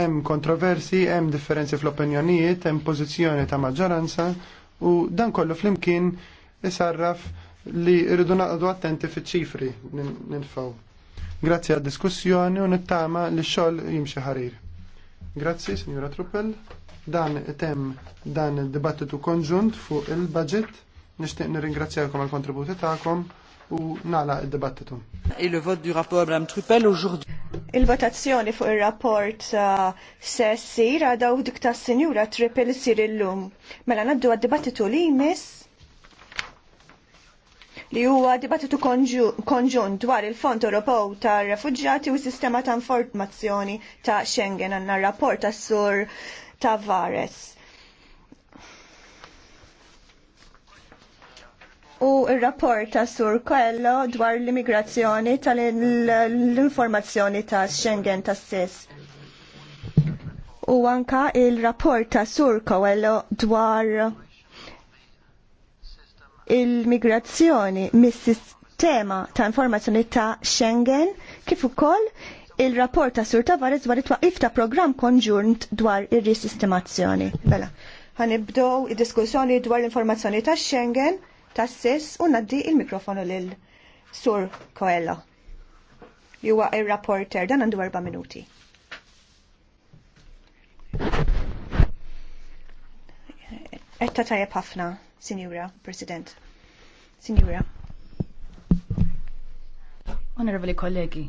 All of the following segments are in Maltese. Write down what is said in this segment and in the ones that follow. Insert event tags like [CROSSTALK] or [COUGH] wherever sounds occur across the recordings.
Hemm kontroversi, hemm differenzi fl-opinjonijiet, hemm pożizzjoni ta' maġġoranza u dan kollu flimkien isarraf li rridu naqdu attenti fiċ-ċifri ninfaw. Grazzi għad diskussjoni u nittama li xogħol jimxi ħarir. Grazzi, Signora Truppel. Dan tem dan id-dibattitu konġunt fuq il-budget. Nixtieq nirringrazzjakom għal kontributi tagħkom u nala id-dibattitu. Il-vot du rapport Madame Truppel aujourd'hui il-votazzjoni fuq il-rapport uh, se ssir għada dik tas-sinjura Triple ssir illum. Mela naddu għad-dibattitu li jmiss li huwa dibattitu konġunt dwar il-Fond Ewropew tar refuġġjati u s-sistema ta' informazzjoni ta' Schengen għandna rapport tas-sur Tavares. u il-rapport Sur kollo dwar l-immigrazzjoni tal-informazzjoni ta' Schengen ta' sess U anka il-rapport Sur kollo dwar il-migrazzjoni mis-sistema ta' informazzjoni ta' Schengen kif ukoll il-rapport ta' Sur Tavares dwar it-twaqif ta' programm konġurnt dwar ir-risistemazzjoni. Mela, ħanibdew id-diskussjoni dwar l-informazzjoni ta' Schengen tas-sess u naddi il-mikrofonu lil Sur Koella. Li huwa ir-rapporter dan għandu erba' minuti. Etta tajjeb ħafna, Signora President. Signora. Onorevoli kollegi,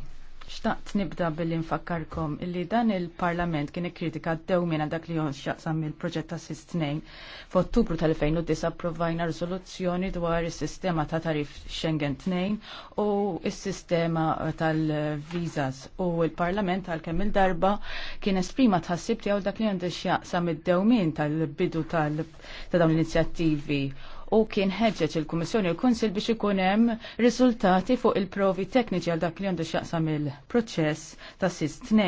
Xtaqt nibda billi nfakkarkom illi dan il-Parlament kien ikkritika dewmien dak li jons xaqsam il-proġett ta' Sistnejn. F'Ottubru tal-2009 approvajna rizoluzzjoni dwar is-sistema ta' tarif Schengen 2 u il sistema tal-vizas u il-Parlament tal kemm il-darba kien esprima tħassib tiegħu dak li jons xaqsam id-dewmien tal-bidu ta' dawn l-inizjattivi u kien ħeġġeġ il-Kummissjoni u l-Kunsil biex ikun hemm riżultati fuq il-provi tekniċi għal dak li għandu x'jaqsam il-proċess ta' SIS-2.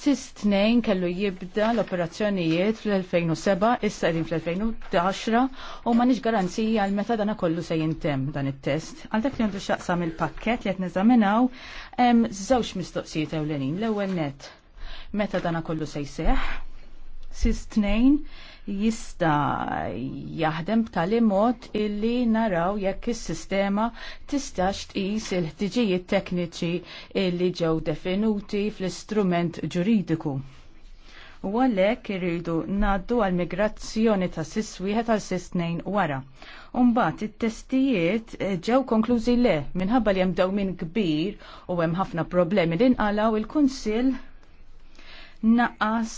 SIS-2 kellu jibda l-operazzjonijiet fl-2007, issa għedin fl-2010 u nix garanzija għal meta dana kollu se jintem dan it-test. Għal dak li għandu x'jaqsam il-pakkett li qed neżaminaw hemm żewġ mistoqsijiet ewlenin. L-ewwel net meta dana kollu se jseħħ. Sis tnejn jista jaħdem b'tali mod illi naraw jekk is-sistema tistax tqis il-ħtiġijiet tekniċi illi ġew definuti fl-istrument ġuridiku u għalhekk irridu naddu għal migrazzjoni ta' sis wieħed għal sis tnejn wara. Umbat, it-testijiet eh, ġew konklużi le minħabba li hemm dawmin kbir u hemm ħafna problemi li nqalaw il-Kunsill naqas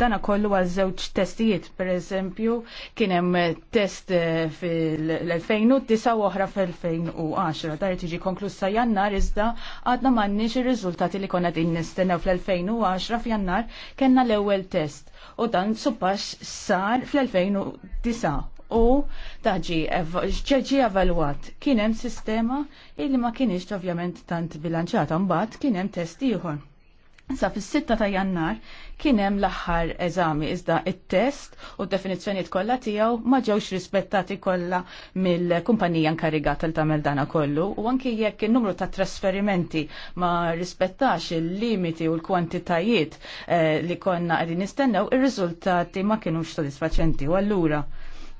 dana kollu għal żewġ testijiet, per eżempju, kien hemm test eh, fil-2009 u oħra fil-2010. Dar tiġi konklusa jannar iżda għadna m'għandniex ir-riżultati li konna din nistenna fl-2010 f'jannar kellna l-ewwel test u dan suppax sar fl-2009 u taġi ġeġi evalwat. Kien hemm sistema illi ma kienix ovvjament tant bilanċata mbagħad kien hemm test ieħor Sa fis sitta ta' Jannar kien hemm l-aħħar eżami iżda it-test u d-definizzjonijiet kollha tiegħu ma ġewx rispettati kollha mill-kumpanija inkarigata li tagħmel dana kollu u anki jekk in-numru ta' trasferimenti ma rispettax il-limiti u l-kwantitajiet eh, li konna qegħdin nistennew, ir-riżultati ma kienux sodisfaċenti u allura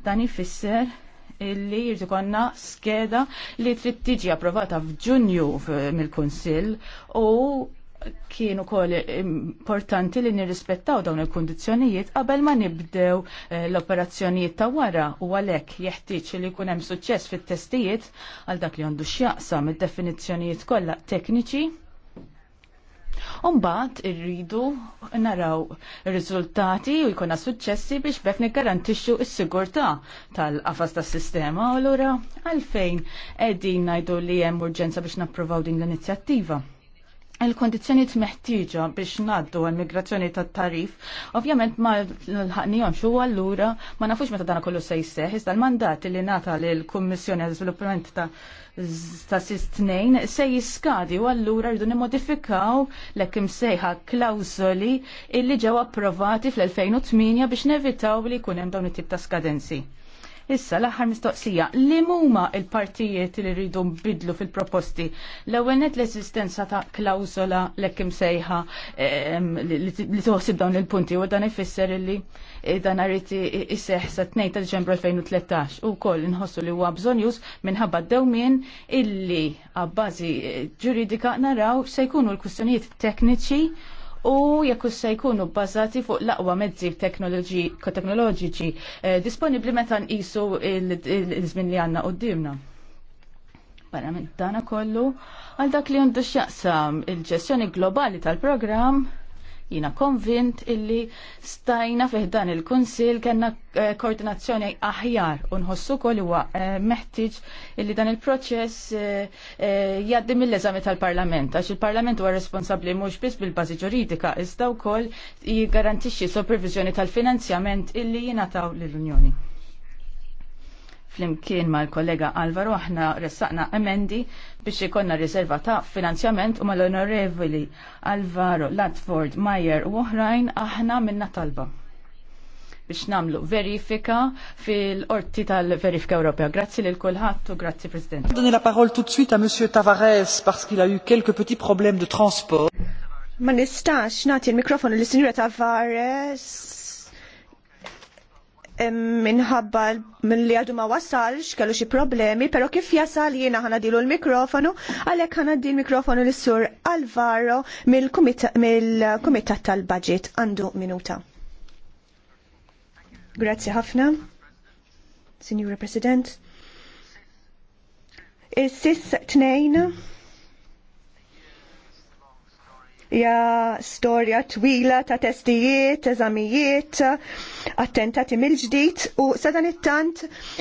dan ifisser illi jirti konna skeda li trid tiġi approvata f'Ġunju mill-Kunsill u kienu kol importanti li nirrispettaw dawn il-kondizjonijiet qabel ma nibdew eh, l-operazzjonijiet ta' wara u għalek jeħtieġ li jkun hemm suċċess fit-testijiet għal dak li għandu x'jaqsam id-definizzjonijiet kollha tekniċi. Umbat irridu naraw riżultati u jkun suċċessi biex bekk nikkarantixxu s-sigurtà tal-qafas tas-sistema u lura għalfejn qegħdin ngħidu li hemm urġenza biex napprovaw din l-inizjattiva il-kondizjoni meħtieġa biex naddu għal-migrazzjoni tat tarif ovvjament ma l-ħannijon xu għallura ma nafux meta dana kollu se jisseħ, iżda l-mandat li nata l-Kummissjoni għal zvilupment ta' ta' sistnejn se jiskadi u allura rridu nimodifikaw l-ekim sejħa klawzoli illi ġew approvati fl-2008 biex nevitaw li jkun hemm dawn it-tip ta' skadenzi. Issa l-aħħar mistoqsija, li huma il-partijiet li rridu bidlu fil-proposti? L-ewwel l-esistenza ta' klawsola lekk sejħa li toħsib dawn il-punti u dan ifisser illi eh, dan arid iseħħ sa 2 ta' Diċembru 2013 u koll inħossu li huwa bżonjus minħabba dewmien illi għabbażi eh, ġuridika naraw se jkunu l-kwistjonijiet tekniċi u jekk se jkunu bbażati fuq l-aqwa mezzi teknoloġiċi eh, disponibbli meta nqisu l-żmien li għandna qudiemna. Barra minn dana kollu, għal dak li għandu x'jaqsam il-ġestjoni globali tal-programm Jina konvint illi stajna fiħdan il-Kunsil kena eh, koordinazzjoni aħjar unħossu kol huwa eh, meħtieġ illi dan il-proċess eh, jaddi mill-eżami tal-Parlament għax il-Parlament huwa responsabbli mhux biss bil-bażi ġuridika iżda wkoll jiggarantixxi supervizjoni tal-finanzjament illi jingħataw lill-Unjoni flimkien mal-kollega Alvaro aħna ressaqna emendi biex ikonna riserva ta' finanzjament u mal-onorevoli Alvaro Latford Meyer u oħrajn aħna minna talba biex namlu verifika fil-orti tal-verifika Ewropea. Grazzi lil kulħadd u grazzi President. Donner la parole tout de suite à monsieur Tavares parce qu'il a eu quelques petits problèmes de transport. Ma nistax nagħti l-mikrofonu lis-Sinjura Tavares minħabba li għadu ma wasalx, kellu xi problemi, pero kif jasal jiena ħana dilu l-mikrofonu, għalhekk ħanaddi l-mikrofonu lis-sur Alvaro mill-Kumitat tal-Budget għandu minuta. Grazzi ħafna, Signora President. Is-sis tnejn ja storja twila ta' testijiet, eżamijiet, attentati mill-ġdid u sadan it-tant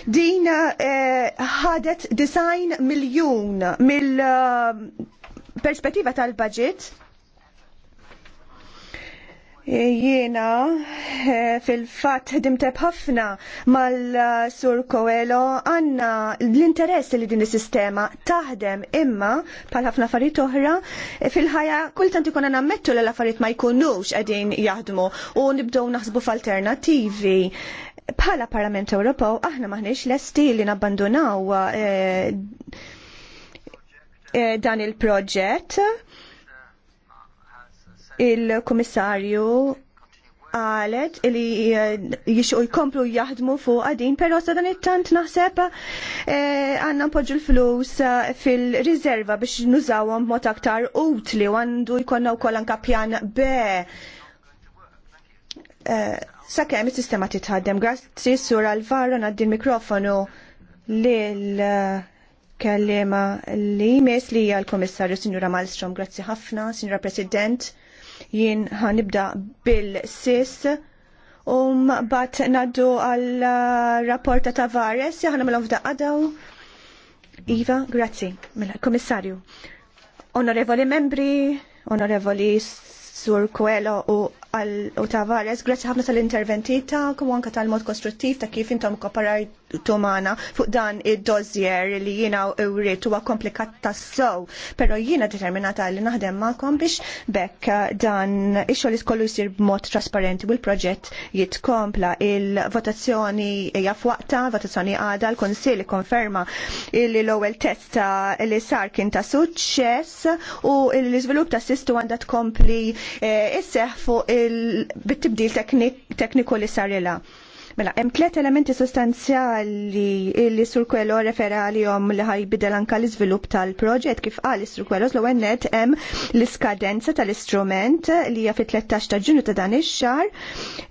din eh, ħadet eh, design miljun mill-perspettiva eh, tal-budget Jiena eh, fil-fat dimteb ħafna mal-Sur Coelho għanna l-interess li din is-sistema taħdem imma pal ħafna affarijiet oħra fil-ħajja kultant ikun nammettu mettu l-affarijiet ma jkunux qegħdin jaħdmu u nibdew naħsbu f'alternattivi bħala Parlament Ewropew aħna maħniex lesti li nabbandunaw eh, eh, dan il-proġett il-Komissarju għalet li eh, jixqu jkomplu jaħdmu fuq għadin, pero sa dan it-tant naħseb eh, għanna npoġġu l-flus fil-rizerva biex nużawhom mod aktar utli u għandu jkollna wkoll anka pjan B. E, Sakemm is-sistema titħaddem. Grazzi sur Alvaro ngħaddi l-mikrofonu lil kellima li mes li hija l-Kummissarju Sinjura Malmstrom. Grazzi ħafna, Sinjura President Jien ħanibda bil-sis u um, bat naddu għal uh, rapporta ta' Vares, jahna mal għadaw. Iva, grazzi, mela, komissarju. Onorevoli membri, onorevoli Sur Coelho u għal Tavares, grazzi ħafna tal-interventi ta' u anka tal-mod kostruttiv ta' kif intom kooperajt tumana fuq dan id-dozjer li jina rrit huwa komplikat tassow, pero jina determinata li naħdem ma'kom biex bekk eh, dan ix-xogħol iskollu jsir b'mod trasparenti u l-proġett jitkompla il-votazzjoni hija fwaqta, votazzjoni għada l-Kunsill konferma li l-ewwel test li sar kien ta' suċċess u l izvilup ta' sistu għandha tkompli eh, isseħ fuq il-bit-tibdil tekniku li sarilha. Mela, hemm tliet elementi sostanzjali li sur kwello għalihom li ħajbidel anka l-iżvilupp tal-proġett kif qal is-sur kwello l net hemm l-iskadenza tal-istrument li hija fit-13 ta' Ġunju ta' dan ix-xahar.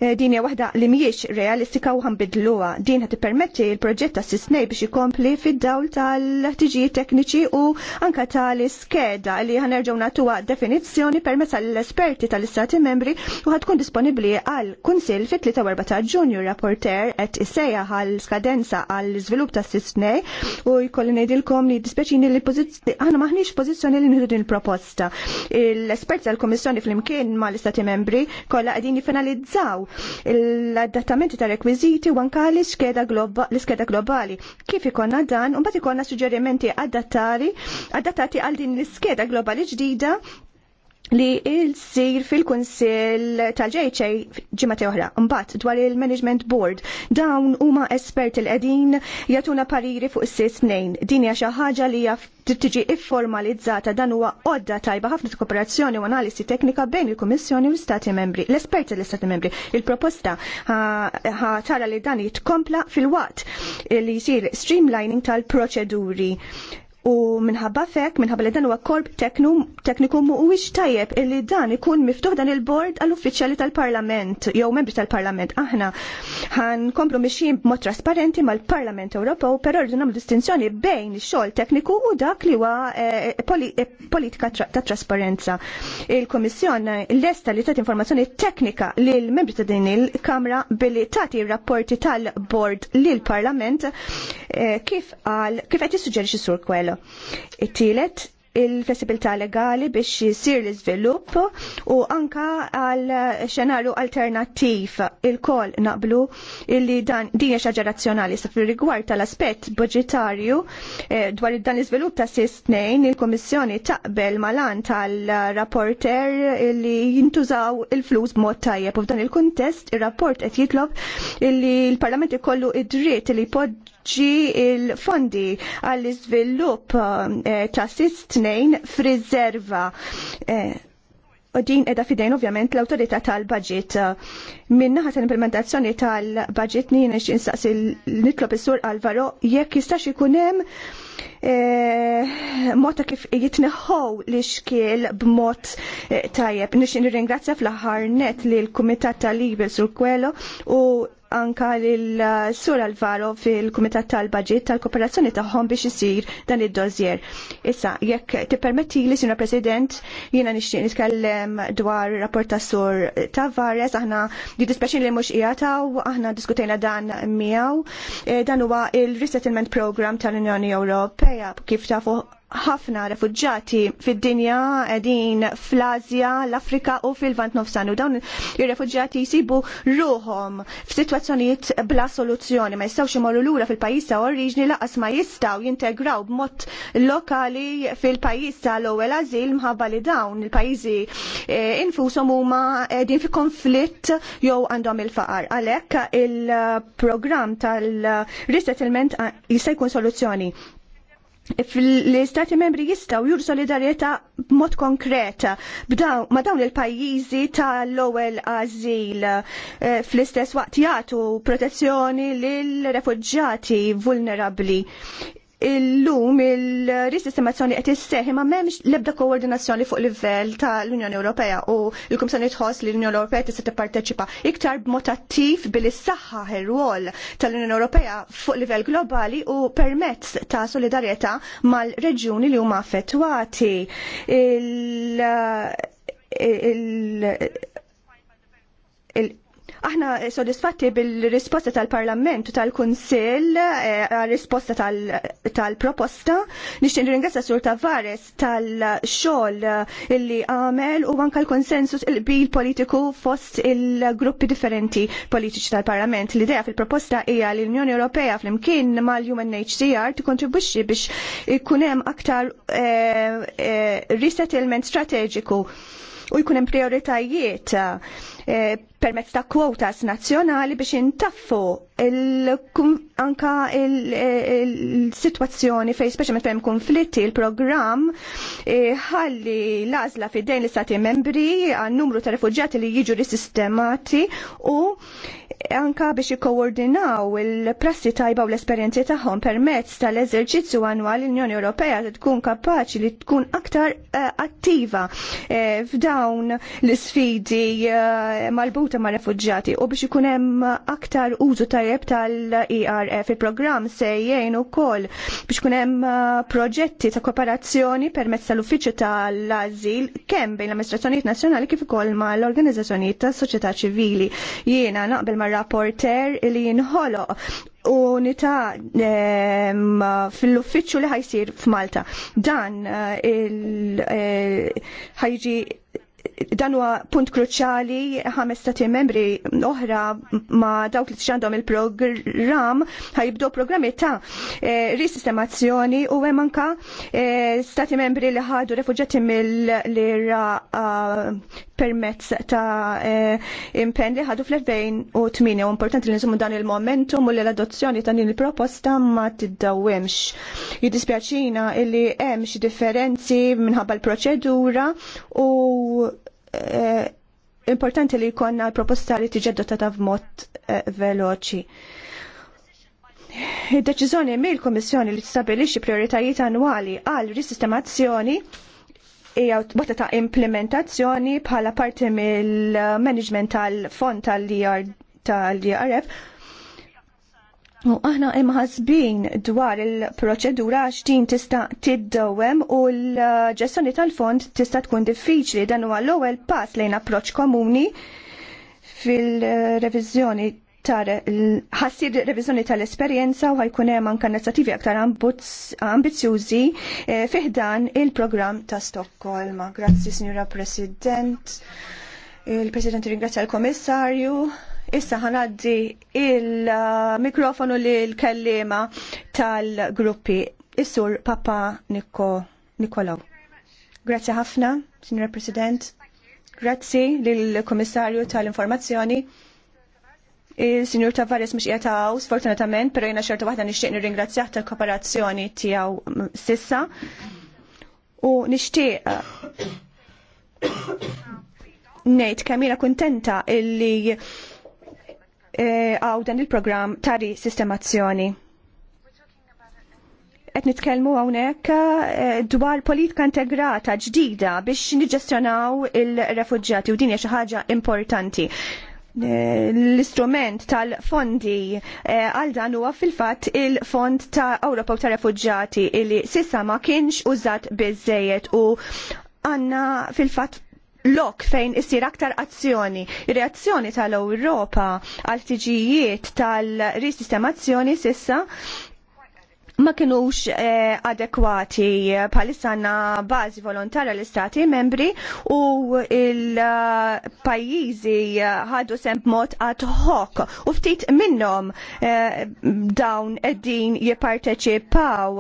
Eh, din hija waħda li mhijiex realistika u ħambidluha. Din qed tippermetti l-proġett ta' sisnej biex ikompli fid-dawl tal-ħtiġijiet tekniċi u anka tal-iskeda li ħanerġgħu nagħtuha definizzjoni permezz għall esperti tal-istati membri u ħad tkun disponibbli għal kunsill fit-3 ta' Ġunju rapport rapporter qed isseja għal skadenza għal żvilupp ta' sistnej u jkolli ngħidilkom li dispeċin li aħna maħniex pożizzjoni li nħidu din il-proposta. L-esperti tal imkien flimkien mal istati membri kollha qegħdin jifinalizzaw l-adattamenti ta' rekwiżiti u anke l-iskeda globali. Kif ikonna dan, u mbagħad ikonna suġġerimenti adattati għal din l-iskeda globali ġdida li il-sir fil-Kunsil tal-ġejċej ġimgħa oħra. Mbatt, dwar il-Management Board dawn huma espert il edin jatuna pariri fuq is-sis snejn. Din hija xi ħaġa li hija tiġi informalizzata dan huwa għodda tajba ħafna kooperazzjoni u analisi teknika bejn il-Kummissjoni u l-Stati Membri, l-esperti l-Stati Membri. Il-proposta ħa tara li dan jitkompla fil-waqt li jsir streamlining tal-proċeduri U minħabba fek, minħabba li dan huwa korp tekniku mhuwiex tajjeb illi dan ikun miftuħ dan il-bord għall-uffiċjali tal-Parlament jew membri tal-Parlament. Aħna ħan komplu mixjin b'mod trasparenti mal-Parlament Ewropew, però rridu nagħmlu distinzjoni bejn ix-xogħol tekniku u dak li huwa eh, eh, politika ta' trasparenza. il kummissjon lesta li tagħti informazzjoni teknika lil membri ta' din il-Kamra billi tagħti rapporti tal-bord lil Parlament eh, kif qal kif qed jissuġġerixxi sur kwell xogħol. Mela, it-tielet il-flessibilità legali biex jisir l-izvilupp u anka għal xenarju alternattiv il-kol naqblu illi dan dinja xaġa razzjonali sa fil rigward tal-aspett budgetarju eh, dwar dan l-izvilupp ta' sistnejn il-Komissjoni taqbel malan tal-rapporter illi jintużaw il-flus b'mod tajjeb u f'dan il-kuntest il-rapport qed jitlob illi l-Parlament ikollu id-dritt li pod poġġi il-fondi għall-iżvilupp eh, ta' sistnejn f'riserva. Eh, u din edha fidejn ovvjament l autorita tal-budget. ħat l-implementazzjoni tal-budget nien instaqsi nitlob is-sur Alvaro jekk jistax ikun hemm eh, mod kif jitneħħow l-ixkiel b'mod tajjeb. Nix nirringrazzja fl-aħħar net li l-Kumitat tal-Libel sur Kwelo u anka l-Sur eh, Alvaro fil-Kumitat tal-Budget tal-Kooperazzjoni tagħhom biex isir dan id-dossier. Issa, jekk tippermetti li, Sinjor President, jiena nixtieq nitkellem dwar rapport ta' Sur Tavares, aħna jiddispeċin li mhux qiegħu aħna diskutejna dan miegħu. Eh, dan huwa il-Resettlement Program tal-Unjoni Ewropea kif tafu ħafna refugġati fid-dinja edin fl-Azja, l-Afrika u fil-Vant Nofsan. U dawn ir-refugġati jisibu ruhom f'sitwazzjonijiet bla soluzzjoni, ma jistawx imorru lura fil-pajjiż ta' oriġni laqas ma jistaw jintegraw b'mod lokali fil-pajjiż l ewwel azil mħabba li dawn il-pajjiżi eh, infushom huma qegħdin fi konflitt jew għandhom il-faqar. Għalhekk il-programm tal-resettlement ah, jista' jkun soluzzjoni l-istati membri jistaw jur solidarieta mod konkreta ma dawn il-pajjiżi tal-ewwel azil eh, fl-istess waqt jagħtu protezzjoni lil refugġati vulnerabbli. Illum il-risistemazzjoni qed isseħi ma m'hemmx l-ebda koordinazzjoni fuq livell tal-Unjoni Ewropea u l-Kummissjoni tħoss li l-Unjoni Ewropea tista' tipparteċipa iktar b'mod attiv billi saħħaħ ir-rwol tal-Unjoni Ewropea fuq livell globali u permezz ta' solidarjetà mal-reġjuni li huma affettwati. il, il, il, il Aħna eh, sodisfatti bil-risposta tal-Parlament u tal-Kunsill, eh, risposta tal-proposta. Nixtieq ringrazja Sur Tavares tal-xogħol eh, illi għamel u anke l-konsensus il-bil politiku fost il-gruppi differenti politiċi tal-Parlament. L-idea fil-proposta hija li l-Unjoni Ewropea flimkien mal-UNHCR tikkontribwixxi biex ikun hemm aktar resettlement strateġiku u jkun hemm prioritajiet Eh, permezz ta' kwotas nazzjonali biex intaffu anka eh, il-situazzjoni fej speċjalment fejn konflitti il-programm eh, ħalli l-għażla fidejn l-istati membri għan numru ta' refugġati li jiġu risistemati u anka biex jikkoordinaw il-prassi tajba u l-esperjenzi tagħhom permezz tal-eżerċizzju annwali l-Unjoni Ewropea li tkun kapaċi li tkun aktar attiva f'dawn l-sfidi Malbuta ma' refugġati u biex ikun hemm aktar użu tajjeb tal-ERF il-programm se jgħin ukoll biex ikun hemm uh, proġetti ta' kooperazzjoni permezz tal-Uffiċċju tal-Ażil kemm bejn l-amministrazzjonijiet nazzjonali kif ukoll ma' l-organizzazzjonijiet tas-soċjetà ċivili. Jiena naqbel ma' rapporter li jinħoloq unità ehm, fil-uffiċċju li ħajsir f'Malta. Dan uh, il eh, ħajġi dan huwa punt kruċjali ħames stati membri oħra ma' dawk li txandhom il-programm ħajibdu programmi ta' eh, risistemazzjoni u hemm anka eh, stati membri li ħadu refuġjati mill-lira eh, permezz ta' impenn li ħadu fl-2008 u importanti li nżommu dan il-momentum u li l-adozzjoni ta' din il-proposta ma t-dawemx. Jiddispjaċina illi hemm xi differenzi minħabba l-proċedura u Eh, importanti li jkollna l-proposta li tiġi adottata b'mod eh, veloċi. Id-deċiżjoni mill-Kummissjoni li tistabilixxi prioritajiet annwali għal risistemazzjoni hija waqt ta' implementazzjoni bħala parti mill-management tal-fond tal-IRF U aħna imħasbin dwar il-proċedura għax din tista' tiddowem u l-ġestjoni tal-fond tista' tkun diffiċli dan huwa l-ewwel pass lejn approċċ komuni fil-reviżjoni tar ħassir reviżjoni tal-esperjenza u ħajkun hemm anke inizjattivi aktar ambizzjużi eh, fiħdan il-programm ta' Stokkolma. Grazzi, Signora President. Il-President ringrazzja l-Komissarju. Issa ħanaddi il-mikrofonu li l-kellima tal-gruppi. Is-sur Papa Nikko Nikolaw. Grazie ħafna, Signora President. Grazzi lill-Komissarju tal-Informazzjoni. Il-Sinjur Tavares mux għaw, sfortunatament, pero jena xertu wahda nishtiq nirringrazzjaħ tal-kooperazzjoni tijaw sissa. U nishtiq eh, [COUGHS] nejt kamina kontenta illi Eh, għaw dan il-program tari sistemazzjoni. Et nitkelmu għawnek eh, dwar politika integrata ġdida biex niġestjonaw il-refugġati u din hija xi ħaġa importanti. Eh, l-istrument tal-fondi għal dan huwa fil-fatt il-Fond ta' Ewropa ta' Refugġati li sissa ma kienx użat biżejjed u għanna fil-fatt lok fejn isir aktar azzjoni. Ir-reazzjoni tal-Ewropa għal tiġijiet tal-risistemazzjoni sissa ma kienux eh, adekwati palissanna bazi volontarja l-istati membri u il-pajizi ħadu semp mod ad hoc u ftit minnom eh, dawn ed-din jiparteċipaw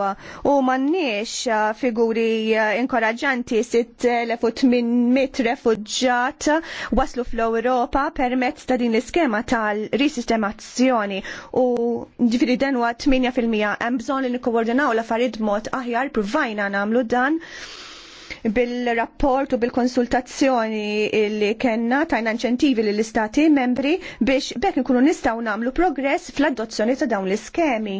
u mannix eh, figuri eh, inkoraġanti 6800 refugġat waslu fl-Europa permezz ta' din l-iskema tal-risistemazzjoni u ġifiri denwa 8% hemm bżonn li nikkoordinaw l-affarijiet mod aħjar provajna nagħmlu dan bil-rapport u bil-konsultazzjoni li kenna tajna inċentivi li l-istati membri biex bekk nkunu nistaw namlu progress fl-adozzjoni ta' dawn l-iskemi.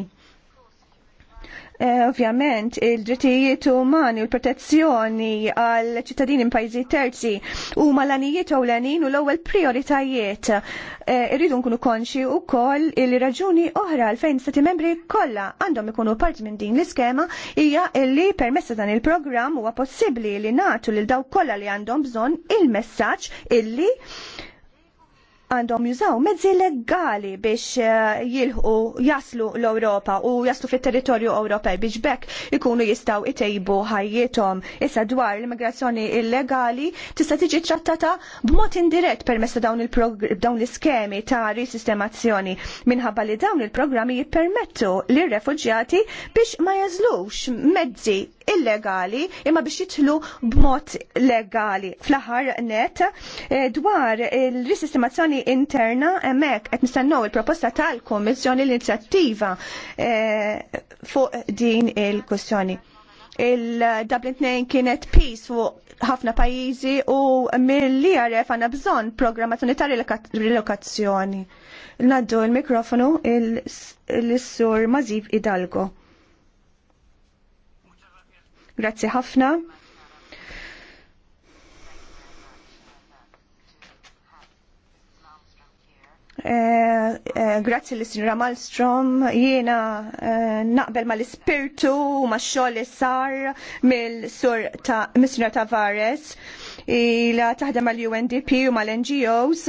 Eh, ovvjament, il-drittijiet umani u l-protezzjoni għal ċittadini pajzi terzi u malanijiet u l-anin u l-ewwel prioritajiet. Eh, irridu nkunu konxi u koll il-raġuni oħra għalfejn stati membri kollha għandhom ikunu part minn din l-iskema hija li permessa dan il-programm huwa possibbli li natu lil dawk kollha li għandhom bżonn il-messaġġ illi għandhom jużaw mezzi legali biex eh, jilħu jaslu l-Europa u jaslu fit territorju Ewropej biex bekk ikunu jistaw itejbu ħajjithom. Issa dwar l-immigrazzjoni illegali tista' tiġi trattata b'mod indirett permezz ta' dawn l-iskemi ta' risistemazzjoni minħabba li dawn il-programmi jippermettu lir refuġjati biex ma jażlux mezzi illegali imma biex jitlu b'mod legali. Fl-aħħar net eh, dwar il-risistemazzjoni interna hemmhekk qed nistennew il-proposta tal-Kommissjoni l-inizjattiva eh, fuq din il-kwestjoni il-Dublin 2 kienet peace fuq ħafna pajizi u mill-li għaref għanna bżon programmazzjoni ta' relokazzjoni. Naddu il-mikrofonu il-sur Mazib Idalgo. Grazzi ħafna. Eh, eh, grazzi li sinjura Malmstrom, jiena eh, naqbel ma l-ispirtu u ma xoll li sar mill-sur ta' Tavares, ila taħdem mal-UNDP u mal-NGOs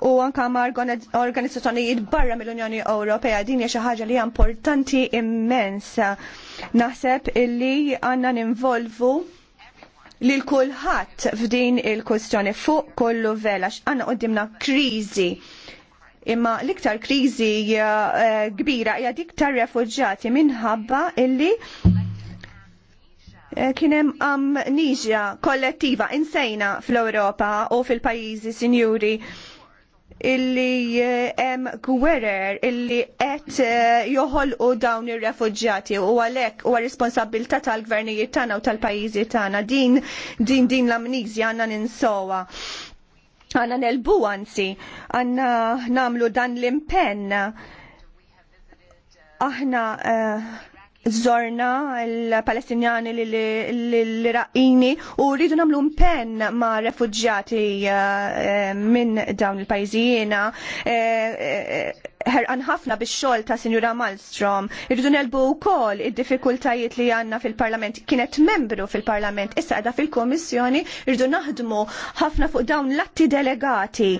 u anka ma' organizzazzjonijiet barra mill-Unjoni Ewropea din hija xi ħaġa li hija importanti immensa. Naħseb illi għandna ninvolvu li l-kulħadd f'din il-kwestjoni fuq kollu vela għandna qudiemna kriżi imma l-iktar kriżi eh, kbira hija dik tar refuġjati minħabba illi eh, kien hemm amnija kollettiva insejna fl ewropa u fil pajjiżi sinjuri illi hemm eh, gwerer illi qed eh, joħolqu dawn ir-refuġjati u għalhekk huwa responsabilità tal-gvernijiet tagħna u tal-pajjiżi tagħna din din din l-amnizja għandna ninsowa. Għanna nelbu għansi, għanna namlu dan l-impenn. Aħna uh, zorna l-Palestinjani l-Iraqini u rridu namlu mpenn ma' refugġati eh, minn dawn il-pajzijina eh, eh, ħerqan ħafna bix xol ta' Sinjura Malmstrom. Irridu nelbu wkoll id-diffikultajiet li għandna fil-Parlament. Kienet membru fil-Parlament, issa għada fil-Kummissjoni, irridu naħdmu ħafna fuq dawn l-atti delegati.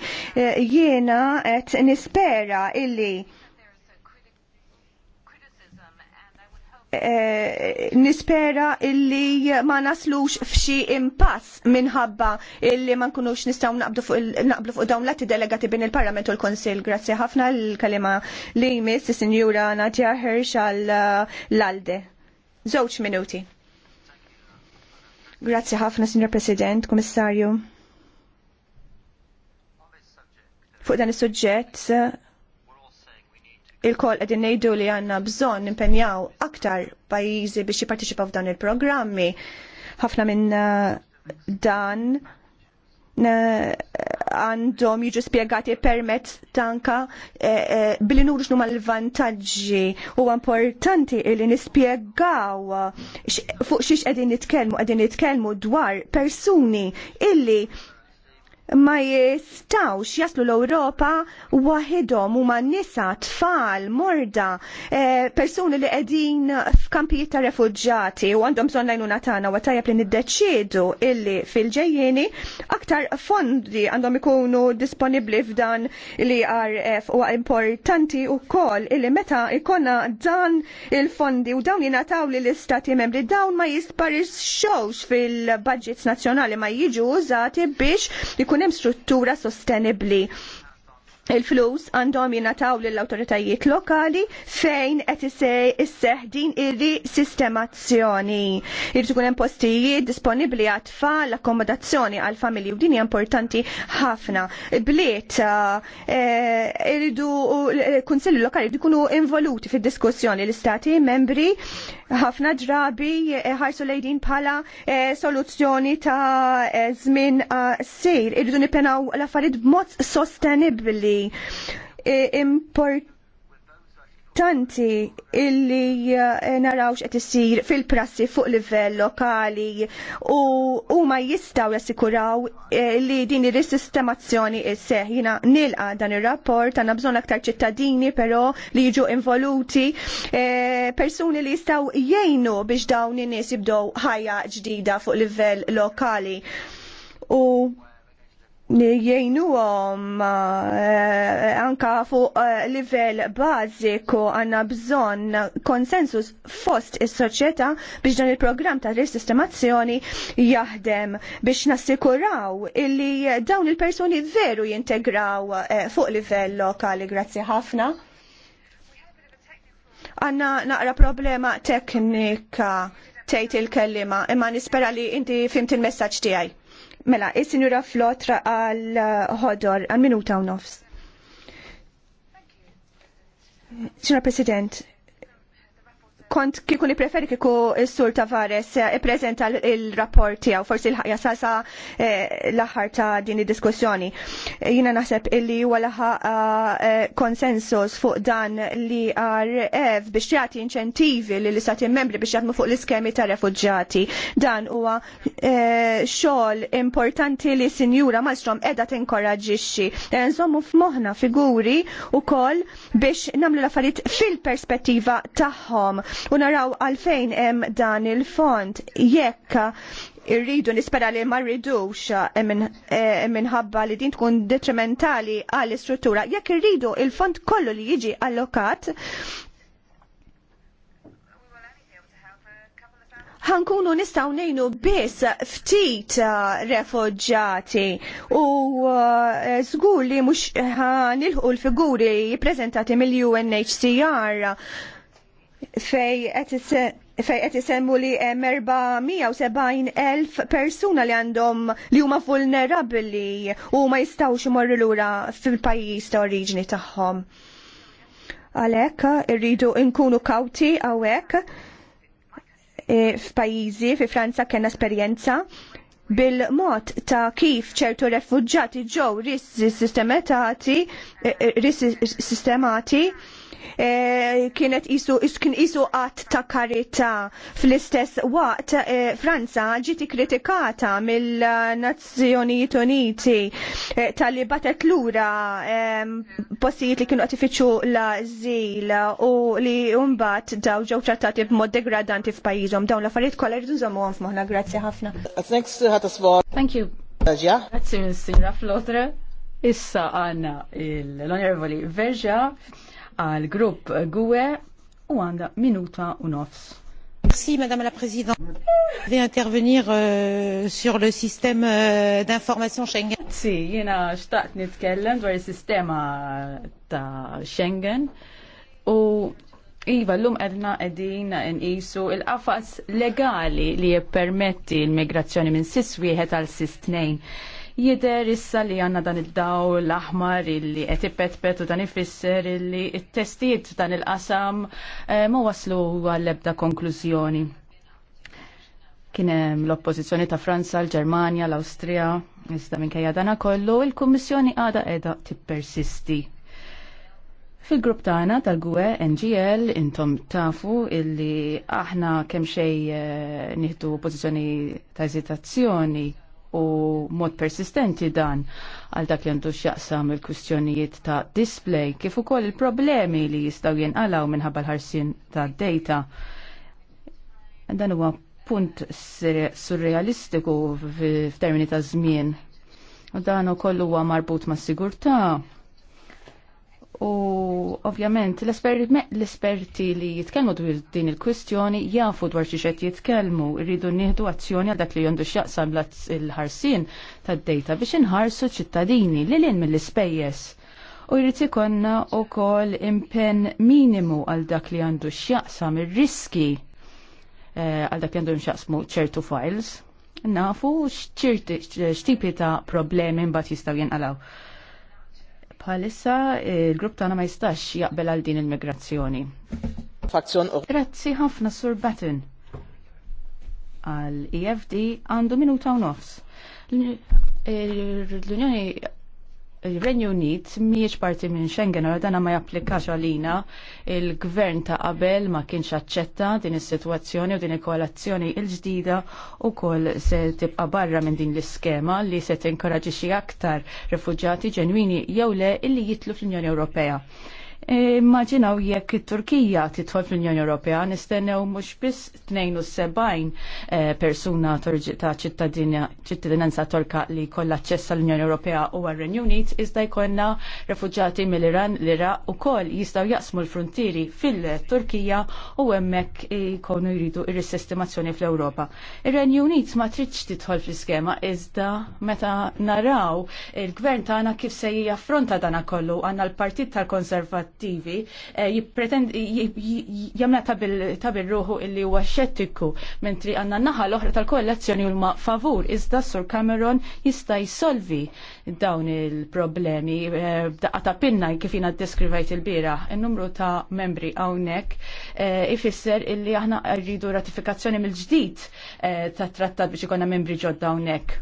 Jiena qed nispera illi Eh, nispera illi ma naslux f'xi impass minħabba illi ma nkunux nistgħu naqblu fuq dawn l-atti delegati bin il-Parlament u l-Konsil. Grazzi ħafna l-kalima li jmiss il sinjura Nadja Hirsch għall-Alde. Eh, Żewġ minuti. Grazzi ħafna, Signor President, Kommissarju. Fuq dan is-suġġett il-kol għedin nejdu li għanna bżon impenjaw aktar pajizi biex jiparteċipaw f'dan il-programmi. ħafna minn eh, dan eh, għandhom jiġu spiegati permezz tanka e, eh, e, billi nuru x'numa l-vantaġġi huwa importanti li nispjegaw fuq xiex qegħdin nitkellmu qegħdin nitkellmu dwar persuni illi ma jistawx jaslu l-Europa u huma nisa, tfal, morda, eh, persuni li qegħdin f'kampijiet ta' refugġati u għandhom bżonn lajnuna tagħna wa tajjeb li niddeċiedu illi fil-ġejjieni aktar fondi għandhom ikunu disponibbli f'dan li RF u importanti wkoll illi meta ikonna dan il-fondi u dawn jingħataw li l-istati membri dawn ma jisparixxewx fil-budgets nazzjonali ma jiġu użati biex ikun ikun hemm struttura sostenibbli il-flus għandhom jinataw lill-autoritajiet lokali fejn qed isseħ din ir-sistemazzjoni. Irid ikun hemm postijiet disponibbli għat-tfal, akkomodazzjoni għal familji u din hija importanti ħafna. Bliet eh, l kunsilli lokali jrid jkunu involuti fid-diskussjoni l-istati membri ħafna ġrabi eh, ħarsu lejdin bħala eh, soluzzjoni ta' eh, żmien sejr. Irridu nippenaw l-affarijiet b'mod sostenibbli. Import importanti illi eh, narawx qed isir fil-prassi fuq livell lokali u huma jistgħu jassikuraw eh, li din ir-sistemazzjoni isseħ. Jiena nilqa dan ir-rapport għandna bżonn aktar ċittadini però li jiġu involuti e, persuni li jistgħu jgħinu biex dawn in-nies jibdew ħajja ġdida fuq livell lokali. U Jajnu għom eh, anka fuq eh, livell bażiku għanna bżon konsensus fost is soċjetà biex dan il-programm ta' risistemazzjoni jaħdem biex nassikuraw illi dawn il-personi veru jintegraw eh, fuq livell lokali. Grazzi ħafna. Għanna naqra problema teknika tejt il-kellima imma nispera li inti fimt il-messagġ tiegħi. Mela, il sinjura Flotra għal uh, ħodor għal minuta u nofs. Sinjura President, kont kieku preferi kieku s-sur Tavares eh, ippreżenta il-rapport tijaw, forsi l-ħajja sasa eh, l-aħħar ta' din id-diskussjoni. Eh, Jiena naħseb illi huwa laħaq konsensus fuq dan li RF biex jagħti inċentivi lill istati membri biex jaħdmu fuq l-iskemi ta' refugġati. Dan huwa xogħol importanti li sinjura Malstrom qiegħda tinkoraġixxi. Nżommu f'moħħna figuri wkoll biex nagħmlu l-affarijiet fil-perspettiva tagħhom u naraw għalfejn hemm dan il-fond jekk irridu nispera li ma rridux eh, eh, minħabba li din tkun detrimentali għall istruttura jekk irridu il-fond kollu li jiġi allokat ħankunu nistaw nejnu biss ftit eh, refugġati u zgur li mux ħanilħu l-figuri jiprezentati mill-UNHCR fej qed isemmu li hemm 470,000 persuna li għandhom li huma vulnerabbli u ma jistgħux imorru lura fil-pajjiż ta' oriġni tagħhom. Għalhekk irridu nkunu kawti hawnhekk e, f'pajjiżi fi Franza kien esperjenza bil-mod ta' kif ċertu refugġati ġew ris-sistematati ris-sistemati e, e, Eh, kienet isu kien isu qatt ta' karità fl-istess waqt eh, Franza ġiet kritikata mill-Nazzjonijiet Uniti eh, tal-li batet lura postijiet li kienu qed ifittxu l u li mbagħad daw ġew trattati b'mod degradanti f'pajjiżhom dawn l-affarijiet kollha jridu nżommuhom f'moħħna grazzi ħafna. Uh, Thank you. Grazzi minn Sinra Flotre. Issa għanna l-Onorevoli Verġa għal grupp Gwe u għanda minuta u nofs. Merci Madame la Présidente. Je vais intervenir euh, sur le système euh, d'information Schengen. Si, jena xtaqt nitkellem dwar il-sistema ta' Schengen u Iva, l-lum edna edin nqisu il-qafas legali li jippermetti l-migrazzjoni minn sis wieħed għal sis tnejn jider issa li għanna dan id-daw l-aħmar illi qed ippetpet u dan ifisser illi it-testijiet dan il-qasam eh, ma waslu għall-ebda konklużjoni. Kien hemm l-oppożizzjoni ta' Franza, l-Ġermanja, l-Awstrija, iżda minkejja dana kollu, il-Kummissjoni għada qiegħda tippersisti. Fil-grupp tagħna tal-GUE NGL intom tafu illi aħna kemm xejn eh, nieħdu pożizzjoni ta' eżitazzjoni u mod persistenti dan għal dak li għandu xjaqsam il-kustjonijiet ta' display kif ukoll il-problemi li jistaw jenqalaw minħabba l-ħarsin ta' data. Dan huwa punt surrealistiku f'termini ta' żmien. U dan ukoll huwa marbut ma' sigurtà U ovvjament l-esperti li jitkellmu dwar din il-kwistjoni jafu dwar xi qed jitkellmu, rridu nieħdu azzjoni għal dak li jondu x'jaqsam il-ħarsien tad-dejta biex inħarsu ċittadini li lin mill-ispejjeż u jrid ikollna wkoll impenn minimu għal dak li għandu x'jaqsam ir-riski eh, għal dak li għandu x'jaqsmu ċertu files. Nafu x'tipi ta' problemi mbagħad jistgħu jinqalaw. Bħalissa il-grupp tagħna ma jistax jaqbel għal din il-migrazzjoni. Grazzi ħafna Sur Batten. Għal EFD għandu minuta u nofs. L-Unjoni il-Renju Unit miex parti minn Schengen għara dana ma japplikax għalina il-gvern ta' qabel ma kienx aċċetta din is-sitwazzjoni u din il-koalazzjoni il-ġdida u koll se tibqa barra minn din l-iskema li se tinkoraġixxi aktar refuġjati ġenwini jew le illi jitlu fl-Unjoni Ewropea. Immaġinaw jekk it-Turkija titħol fl-Unjoni Ewropea nistennew mhux biss 72 eh, persuna ta' ċittadinanza torka li kollha aċċess għall-Unjoni Ewropea u għar-Renju Unit iżda jkollna refuġati mill-Iran l-Iraq ukoll jistgħu jaqsmu l-frontieri fil-Turkija u hemmhekk jkunu jridu r sistemazzjoni fl-Ewropa. Ir-Renju Unit ma tridx titħol fl-iskema iżda meta naraw il-gvern tagħna kif se jaffronta dan kollu għandna l-Partit tal-Konservat effettivi eh, jipretend jamna tabil ruħu illi huwa xettiku mentri għanna naħa l-oħra tal-kollezzjoni u ma favur iżda Sur Cameron jista' jsolvi dawn il-problemi eh, daqqa ta' pinna kif jina deskrivajt il-bira. Il-numru ta' membri hawnhekk eh, ifisser illi aħna rridu ratifikazzjoni mill-ġdid ta' trattat biex ikonna membri ġodda hawnhekk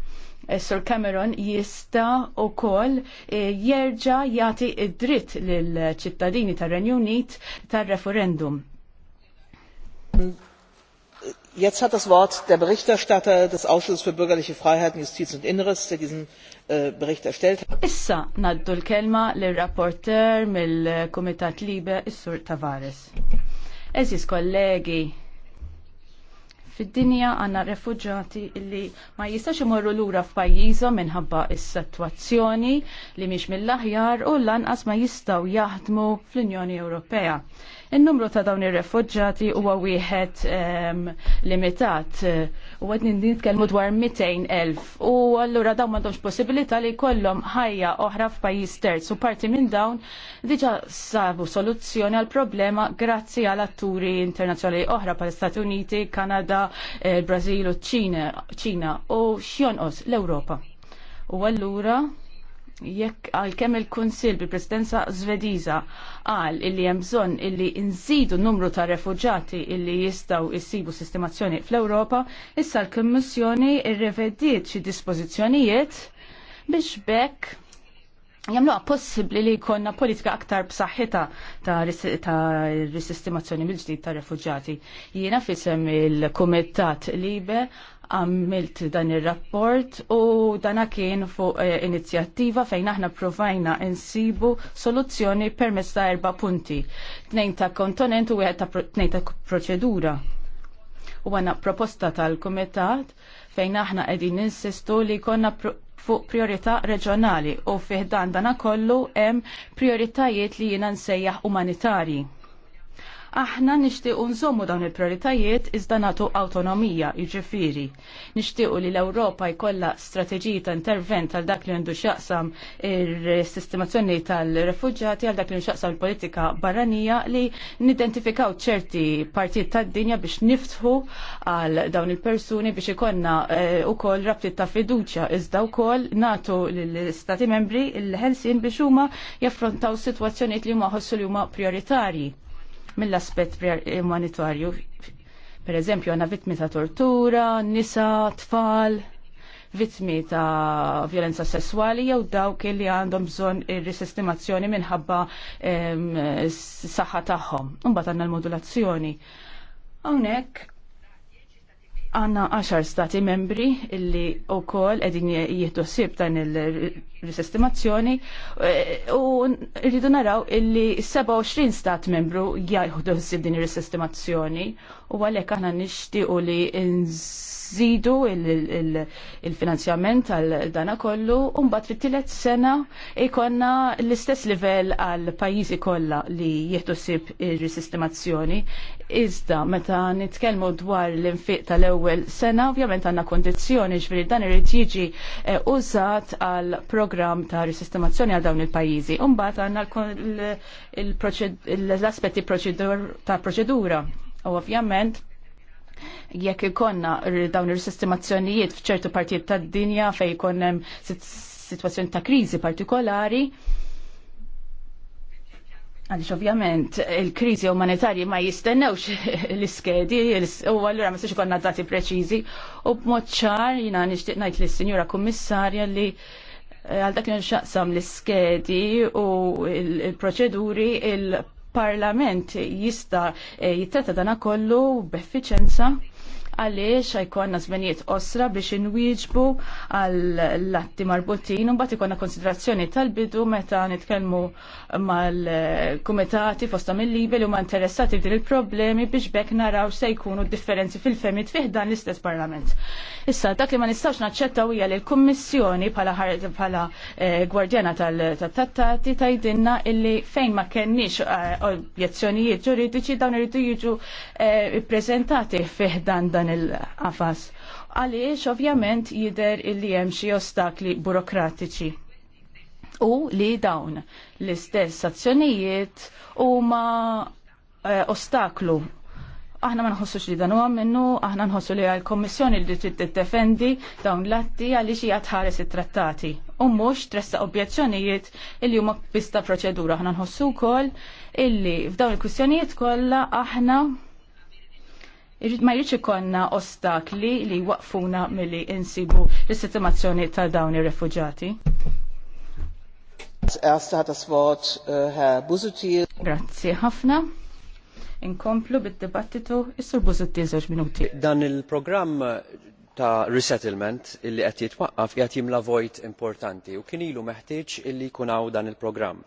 Sir Cameron jista u kol eh, jerġa jati id-dritt l-ċittadini tar renju Unit tar referendum Jetzt hat das Wort der Berichterstatter des Ausschusses für bürgerliche Freiheiten, Justiz und Inneres, der diesen äh, Bericht erstellt hat. Issa naddu l-kelma l-rapporter mill-Komitat Libe, Is-Sur Tavares. ist kollegi, fid-dinja għanna refugġati li ma jistax imorru lura f'pajjiżhom minħabba is-sitwazzjoni li mhix mill-aħjar u lanqas ma jistgħu jaħdmu fl-Unjoni Ewropea. Il-numru ta' dawn ir-refuġġati huwa wieħed ehm, limitat u għed nitkellmu dwar 200,000 u allura dawn m'għandhomx possibilità li jkollhom ħajja oħra f'pajjiż terz u parti minn dawn diġà sabu soluzzjoni għal problema grazzi għal atturi internazzjonali oħra pal stati Uniti, Kanada, il-Brażil eh, u ċina u x'jonqos l-Ewropa. U allura jekk għal kemm il-Kunsil bil-Presidenza Svediża għal illi hemm bżonn illi nżidu numru ta' refuġati illi jistgħu jsibu sistemazzjoni fl-Ewropa, issa l-Kummissjoni rrevediet xi dispożizzjonijiet biex bekk jagħmluha possibbli li jkollna politika aktar b'saħħita ta' sistemazzjoni mill-ġdid ta' refuġati. Jiena fisem il-Kumitat Libe għamilt dan il-rapport u dana kien fuq eh, inizjattiva fejn aħna provajna insibu soluzzjoni permezz ta' erba punti. Tnejn ta' kontonent u għed ta' tnejn ta' proċedura. U għana proposta tal-komitat fejn aħna għedin insistu li konna pro fuq priorità reġjonali u fiħdan dana kollu hemm prioritajiet li jina nsejjaħ umanitarji Aħna nixtiequ nżommu dawn il-prioritajiet iżda nagħtu awtonomija, jiġifieri. Nixtiequ li l-Ewropa jkollha strateġiji ta' intervent għal dak li għandu x'jaqsam ir-sistimazzjoni tal-refuġġati għal dak li x'jaqsam il-politika barranija li nidentifikaw ċerti partijiet tad-dinja biex niftħu għal dawn il-persuni biex ikonna uh, rabtiet ta' fiduċja iżda wkoll nagħtu lill-Stati membri l-ħelsin biex huma jaffrontaw sitwazzjonijiet li huma ħossu li huma prioritarji mill-aspet umanitarju. Eh, per eżempju, għana vittmi ta' tortura, nisa, tfal, vittmi ta' violenza sessuali jew dawk li għandhom bżonn ir-risestimazzjoni minħabba saħħa tagħhom. Imbagħad għandna l-modulazzjoni. Hawnhekk għandna 10 stati membri li wkoll qegħdin jieħdu ssib dan il risestimazzjoni eh, u rridu naraw illi 27 stat membru jgħajħdu ħsib din risestimazzjoni u għalek aħna u li nżidu il-finanzjament għal dana kollu u mbagħad fit-tielet sena ikonna l-istess livell għal pajjiżi kollha li jieħdu sib ir-risestimazzjoni. Iżda meta nitkellmu dwar l-infiq tal-ewwel sena ovvjament għandna kondizjoni ġviri dan irid jiġi eh, użat għal program programm ta' risistemazzjoni għal dawn il-pajjiżi. Umbat għandna l-aspetti ta' proċedura. U ovvjament jekk ikonna dawn ir-sistemazzjonijiet f'ċertu partijiet tad-dinja fejn konnem hemm sitwazzjoni ta' kriżi partikolari, Għalix ovvjament il-krizi umanitarji ma jistennewx [LAUGHS] l-iskedi u għallura ma s konna dati preċizi u b'mod ċar jina nishtiq najt l-Sinjura Kommissarja li Eh, għal dak li nxaqsam l-iskedi u l proċeduri il-Parlament jista' eh, jittata dana kollu b'effiċenza għaliex għajkonna żmenijiet osra biex inwieġbu għall-latti marbutin u mbagħad ikonna konsiderazzjoni tal-bidu meta nitkellmu mal-kumitati fosta mill-libel u ma interessati f'din il-problemi biex bekk naraw se jkunu differenzi fil-femit fih dan l-istess parlament. Issa, dak li ma nistax naċċettaw hija li l-Kummissjoni bħala eh, gwardjana tal tattati tajdinna illi fejn ma kenniex eh, objezzjonijiet ġuridiċi dawn irridu jiġu eh, ppreżentati fih dan dan dan il-qafas. Għaliex ovvjament jider illi hemm xi ostakli burokratiċi u li dawn l-istess azzjonijiet huma eh, ostaklu aħna ma nħossux li dan huwa minnu, aħna nħossu li għal kommissjoni li trid tiddefendi dawn l-atti għaliex hija tħares it-trattati. U mhux tressa objezzjonijiet illi huma bista proċedura. Aħna nħossu wkoll illi f'dawn il-kwistjonijiet kollha aħna ma jridx ikonna ostakli li waqfuna milli insibu l-istimazzjoni ta' dawn ir-refuġati. Äh, Grazie ħafna. Inkomplu bid-dibattitu is-Sur Busutil żewġ minuti. Dan il-programm ta' resettlement illi qed jitwaqqaf qed jimla vojt importanti u kien ilu meħtieġ illi jkun hawn dan il-programm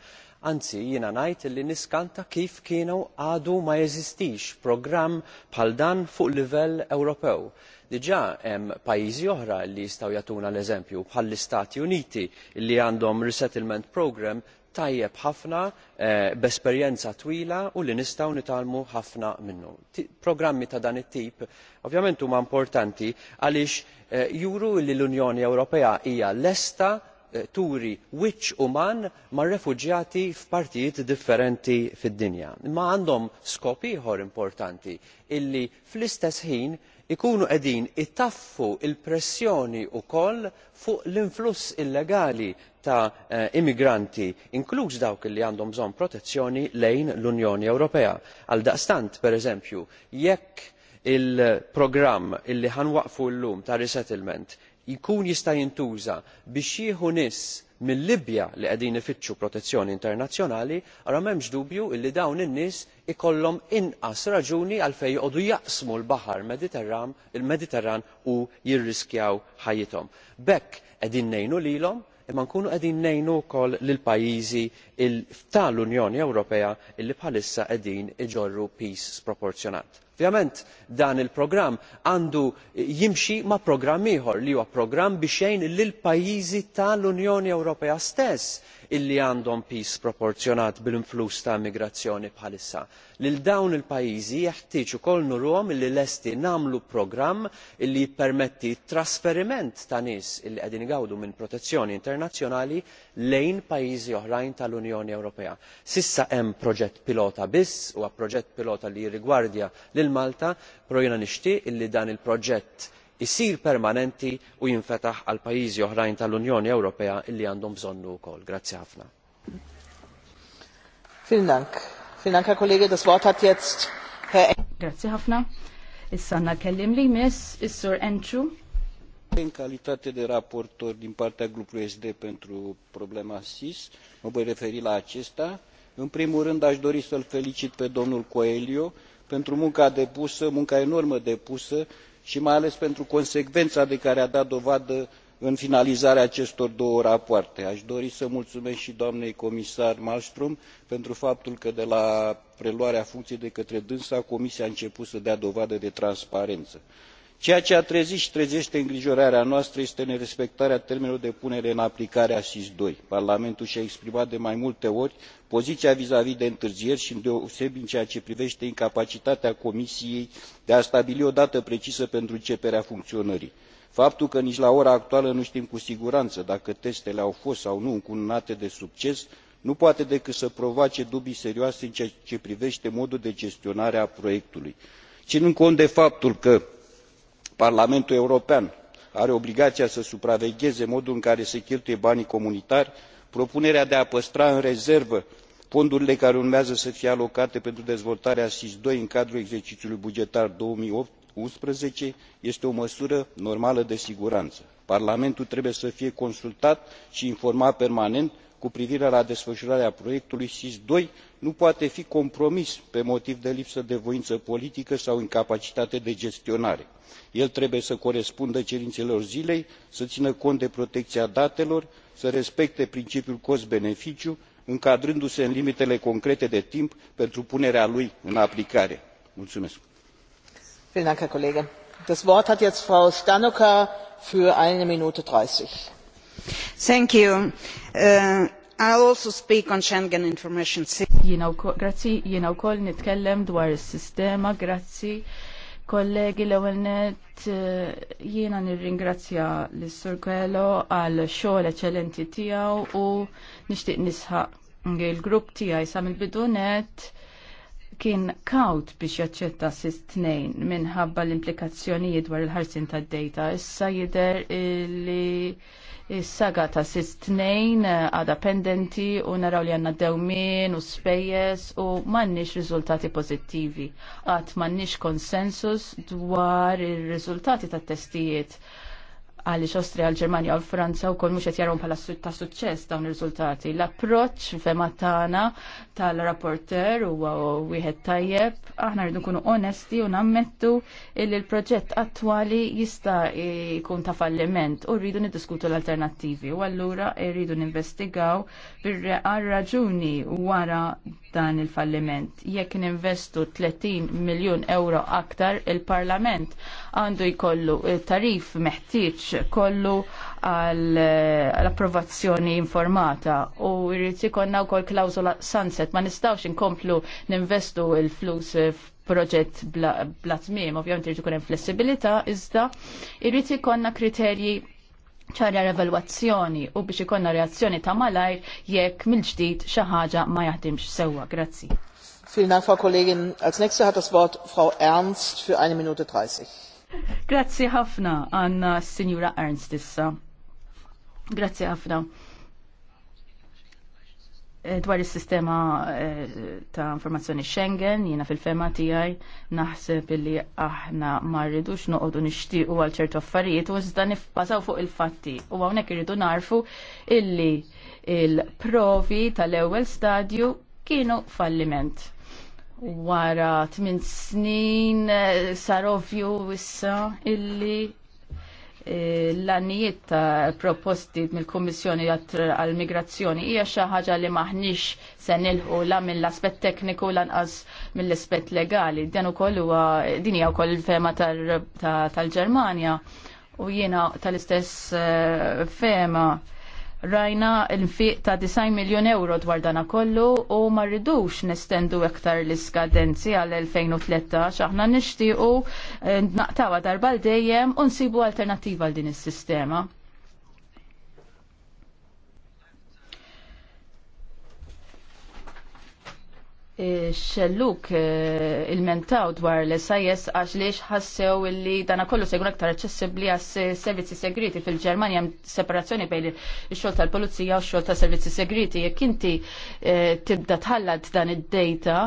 Anzi, jiena ngħid li niskanta kif kienu għadu ma jeżistix programm bħal dan fuq livell Ewropew. Diġà hemm pajjiżi oħra li jistgħu jagħtuna l-eżempju bħal l istati Uniti li għandhom resettlement programme tajjeb ħafna eh, b'esperjenza twila u li nistgħu nitalmu ħafna minnu. Programmi ta' dan it-tip ovvjament huma importanti għaliex eh, juru li l-Unjoni Ewropea hija lesta Eh, turi wiċċ uman mar refuġjati f'partijiet differenti fid-dinja Ma għandhom skop ieħor importanti illi fl-istess ħin ikunu qegħdin itaffu l pressjoni wkoll fuq l-influss illegali ta' eh, immigranti inkluż dawk li għandhom bżonn protezzjoni lejn l-unjoni ewropea. għaldaqstant pereżempju jekk il programm illi ħanwaqqfu llum ta' resettlement jkun jista' jintuża biex jieħu nies mil libja li qegħdin ifittxu protezzjoni internazzjonali ara m'hemmx dubju li dawn in-nies ikollhom inqas raġuni għalfejn joqogħdu jaqsmu l-baħar mediterran u jirriskjaw ħajjithom. b'hekk qegħdin ngħinu lilhom imma nkunu qegħdin ngħinu wkoll lil pajjiżi tal unjoni ewropea li bħalissa qegħdin iġorru peace sproporzjonat. Ovvjament dan il-programm għandu jimxi ma' programm ieħor li huwa programm biex jgħin lil pajjiżi tal-Unjoni Ewropea stess illi għandhom peace proporzjonat bil-influss ta' immigrazzjoni bħalissa. Lil dawn il-pajjiżi jeħtieġ ukoll nurhom illi lesti nagħmlu programm illi jippermetti t trasferiment ta' nies illi qegħdin igawdu minn protezzjoni internazzjonali lejn pajjiżi oħrajn tal-Unjoni Ewropea. Sissa hemm proġett pilota biss huwa proġett pilota li jirrigwardja lil lil malta però jiena nixtieq illi dan il-proġett isir permanenti u jinfetaħ għal pajjiżi oħrajn tal-unjoni ewropea illi għandhom bżonnu wkoll. grazzi ħafna. Grazzi ħafna. Issa għandna kellim li mis, is-Sur Entru. În calitate de raportor din partea grupului SD pentru problema SIS, mă voi referi la acesta. În primul rând aș dori să-l felicit pe domnul Coelio, pentru munca depusă munca enormă depusă și mai ales pentru consecvența de care a dat dovadă în finalizarea acestor două rapoarte. aș dori să mulțumesc și doamnei comisar malmstrm pentru faptul că de la preluarea funcției de către dânsa comisia a început să dea dovadă de transparență ceea ce a trezit și trezește îngrijorarea noastră este nerespectarea termenelor de punere în aplicare a sis ii. parlamentul și a exprimat de mai multe ori poziția vizavi de întârzieri și îndeosebi în ceea ce privește incapacitatea comisiei de a stabili o dată precisă pentru începerea funcționării. faptul că nici la ora actuală nu știm cu siguranță dacă testele au fost sau nu încununate de succes nu poate decât să provoace dubii serioase în ceea ce privește modul de gestionare a proiectului. ținând cont de faptul că parlamentul european are obligația să supravegheze modul în care se cheltuie banii comunitari propunerea de a păstra în rezervă fondurile care urmează să fie alocate pentru dezvoltarea sis ii în cadrul exercițiului bugetar două mii unsprezece este o măsură normală de siguranță. parlamentul trebuie să fie consultat și informat permanent cu privire la desfășurarea proiectului sis ii nu poate fi compromis pe motiv de lipsă de voință politică sau incapacitate de gestionare. el trebuie să corespundă cerințelor zilei să țină cont de protecția datelor să respecte principiul cost beneficiu încadrându se în limitele concrete de timp pentru punerea lui în aplicare. Mulțumesc. Stanoka Minute Thank you. Uh, I'll also speak on Schengen Information System. Jina u koll nitkellem dwar il-sistema, grazzi kollegi l ewwel nett. Uh, jiena nirringrazzja l-Sur Coelho għal xogħol eċċellenti tiegħu u nixtieq nisħaq il-grupp tiegħi sa mill-bidu nett kien kawt biex jaċċetta s-tnejn minħabba l-implikazzjonijiet dwar il-ħarsin tad-dejta. Issa jidher li Is-saga ta' sistnejn tnejn eh, għada pendenti u naraw li għanna dewmin u spejjes u mannix riżultati pozittivi. Għat mannix konsensus dwar il-riżultati ta' testijiet għaliex Austria, għal-Ġermanja, għal-Franza u kol muxet jarum pala ta' suċċess dawn il-rizultati. L-approċ fematana tal-rapporter u wieħed tajjeb, aħna rridu nkunu onesti u nammettu illi l-proġett attwali jista' jkun ta' falliment u rridu niddiskutu l-alternattivi u allura rridu ninvestigaw bir-reqa raġuni wara dan il-falliment. Jekk ninvestu 30 miljon euro aktar, il-Parlament għandu jkollu tarif meħtieġ kollu għall-approvazzjoni informata u jrid ikonna wkoll kol sunset ma nistgħux inkomplu ninvestu l flus proġett bla, tmiem, ovvjament irid ikun hemm flessibilità, iżda jrid ikollna kriterji ċarja evalwazzjoni u biex ikollna reazzjoni ta' malajr jekk mill-ġdid xi ħaġa ma jaħdimx sewwa. Grazzi. Vielen Dank, Frau Kollegin. Als nächste hat das Wort Frau Ernst für eine Minute 30. Grazzi ħafna għanna s-Sinjura Ernst issa. Grazzi ħafna. Eh, dwar is-sistema eh, ta' informazzjoni Schengen, jiena fil-fema tiegħi naħseb li aħna ma rridux noqogħdu nixtiequ għal ċertu affarijiet u iżda nifbażaw fuq il-fatti. U hawnhekk irridu narfu illi il-provi tal-ewwel stadju kienu falliment wara 8 snin eh, sarovju wissa issa illi eh, l-għannijiet ta' proposti mill-Kommissjoni għal-Migrazzjoni hija xi ħaġa li maħniex se nilħu la mill-aspett tekniku lanqas mill-aspett legali. Dan ukoll huwa din hija wkoll il-fema tal-Ġermanja u jiena tal-istess eh, fema rajna l-fiq ta' 90 miljon euro dwar dana kollu u ma rridux nestendu iktar l-iskadenzi għal 2013 aħna nixtiequ eh, naqtawa darba l dejjem u nsibu alternativa għal din is-sistema. xelluk eh, il-mentaw dwar l-SIS għax liex ħassew li dana kollu segun aktar aċċessibbli għas servizzi segreti fil-Ġermanja hemm separazzjoni bejn ix-xogħol tal-pulizija u x-xogħol servizzi segreti. Jekk inti eh, tibda tħallat dan id-data,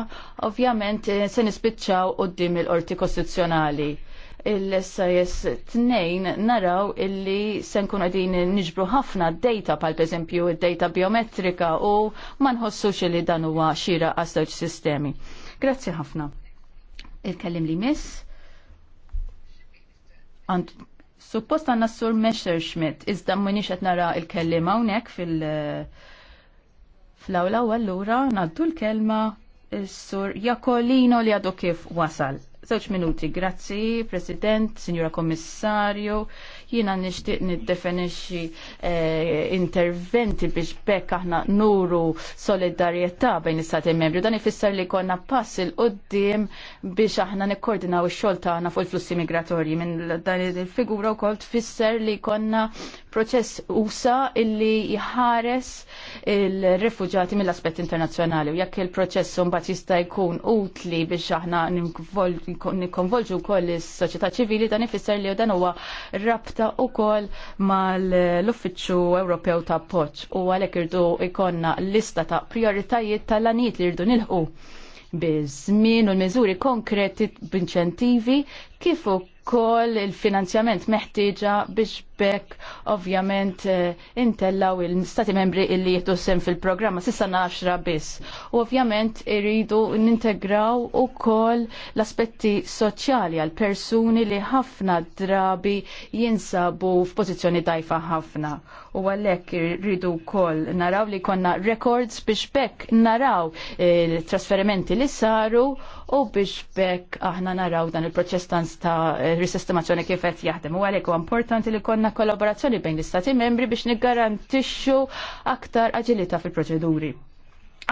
ovvjament eh, se nispiċċaw quddiem il-qorti kostituzzjonali il-SIS 2 naraw illi senkun għadin nġbru ħafna data pal eżempju data biometrika u ma nħossux li dan huwa xira għastoċ sistemi. Grazzi ħafna. Il-kellim li miss. Ant Suppost għanna s-sur Schmidt, iżda mmunix qed nara il-kellim hawnhekk fil- fl-awla u allura naddu l-kelma s-sur Jakolino li għadu kif wasal. Żewġ minuti, grazzi, President, Signora Kommissarju. Jiena nixtieq niddefinixxi eh, interventi biex bekk aħna nuru solidarjetà bejn is-stati membri. Dan ifisser li konna pass il qoddim biex aħna nikkoordinaw ix-xogħol tagħna fuq il-flussi migratorji. Minn dan il-figura wkoll tfisser li konna proċess usa illi jħares il-refuġati mill-aspett internazzjonali u jekk il-proċess mbagħad jista' jkun utli biex aħna nikkonvolġu wkoll is-soċjetà ċivili dan ifisser li dan huwa rabta marbuta wkoll mal-Uffiċċju Ewropew ta' Poċ u għalhekk irdu ikonna lista ta' prioritajiet tal-anijiet li rdu nilħu biż-żmien u l-miżuri konkreti b'inċentivi kif ukoll il-finanzjament meħtieġa biex bekk ovvjament eh, intellaw il-stati membri illi jieħdu sem fil-programma sissa naħxra biss. U ovvjament irridu nintegraw u kol l-aspetti soċjali għal persuni li ħafna drabi jinsabu f'pożizzjoni dajfa ħafna. U għalhekk irridu kol naraw li konna records biex bekk naraw il-trasferimenti li saru u biex bekk aħna naraw dan il-proċess ta' risistemazzjoni kif qed jaħdem. U għalhekk importanti li konna għanna kollaborazzjoni bejn l-Istati membri biex niggarantixxu aktar aġilità fil-proċeduri.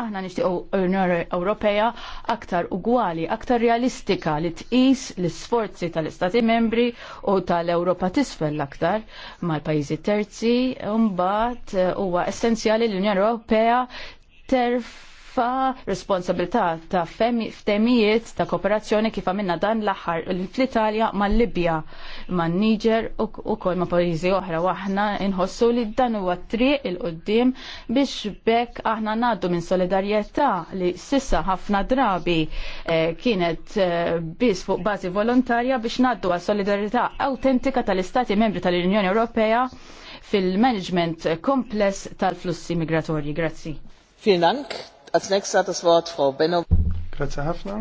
Aħna nixtiequ l-Unjoni Ewropea aktar ugwali, aktar realistika li tqis l-isforzi tal-Istati membri u tal-Ewropa tisfel aktar mal-pajjiżi terzi, mbagħad eh, huwa essenzjali l-Unjoni Ewropea terf fa responsabilità ta' ftemijiet ta' kooperazzjoni kif għamilna dan l-aħħar fl-Italja ma' Libja, ma' Niger u kol ma' pajjiżi oħra u aħna inħossu li dan huwa triq il-qoddim biex bekk aħna ngħaddu minn solidarjetà li sissa ħafna drabi eh, kienet eh, biss fuq bażi volontarja biex ngħaddu għal solidarjetà autentika tal-Istati membri tal-Unjoni Ewropea fil-management kompless tal-flussi migratorji. Grazzi. Vielen Dank. Als nächstes hat das Wort Frau Benova. Grazie ħafna.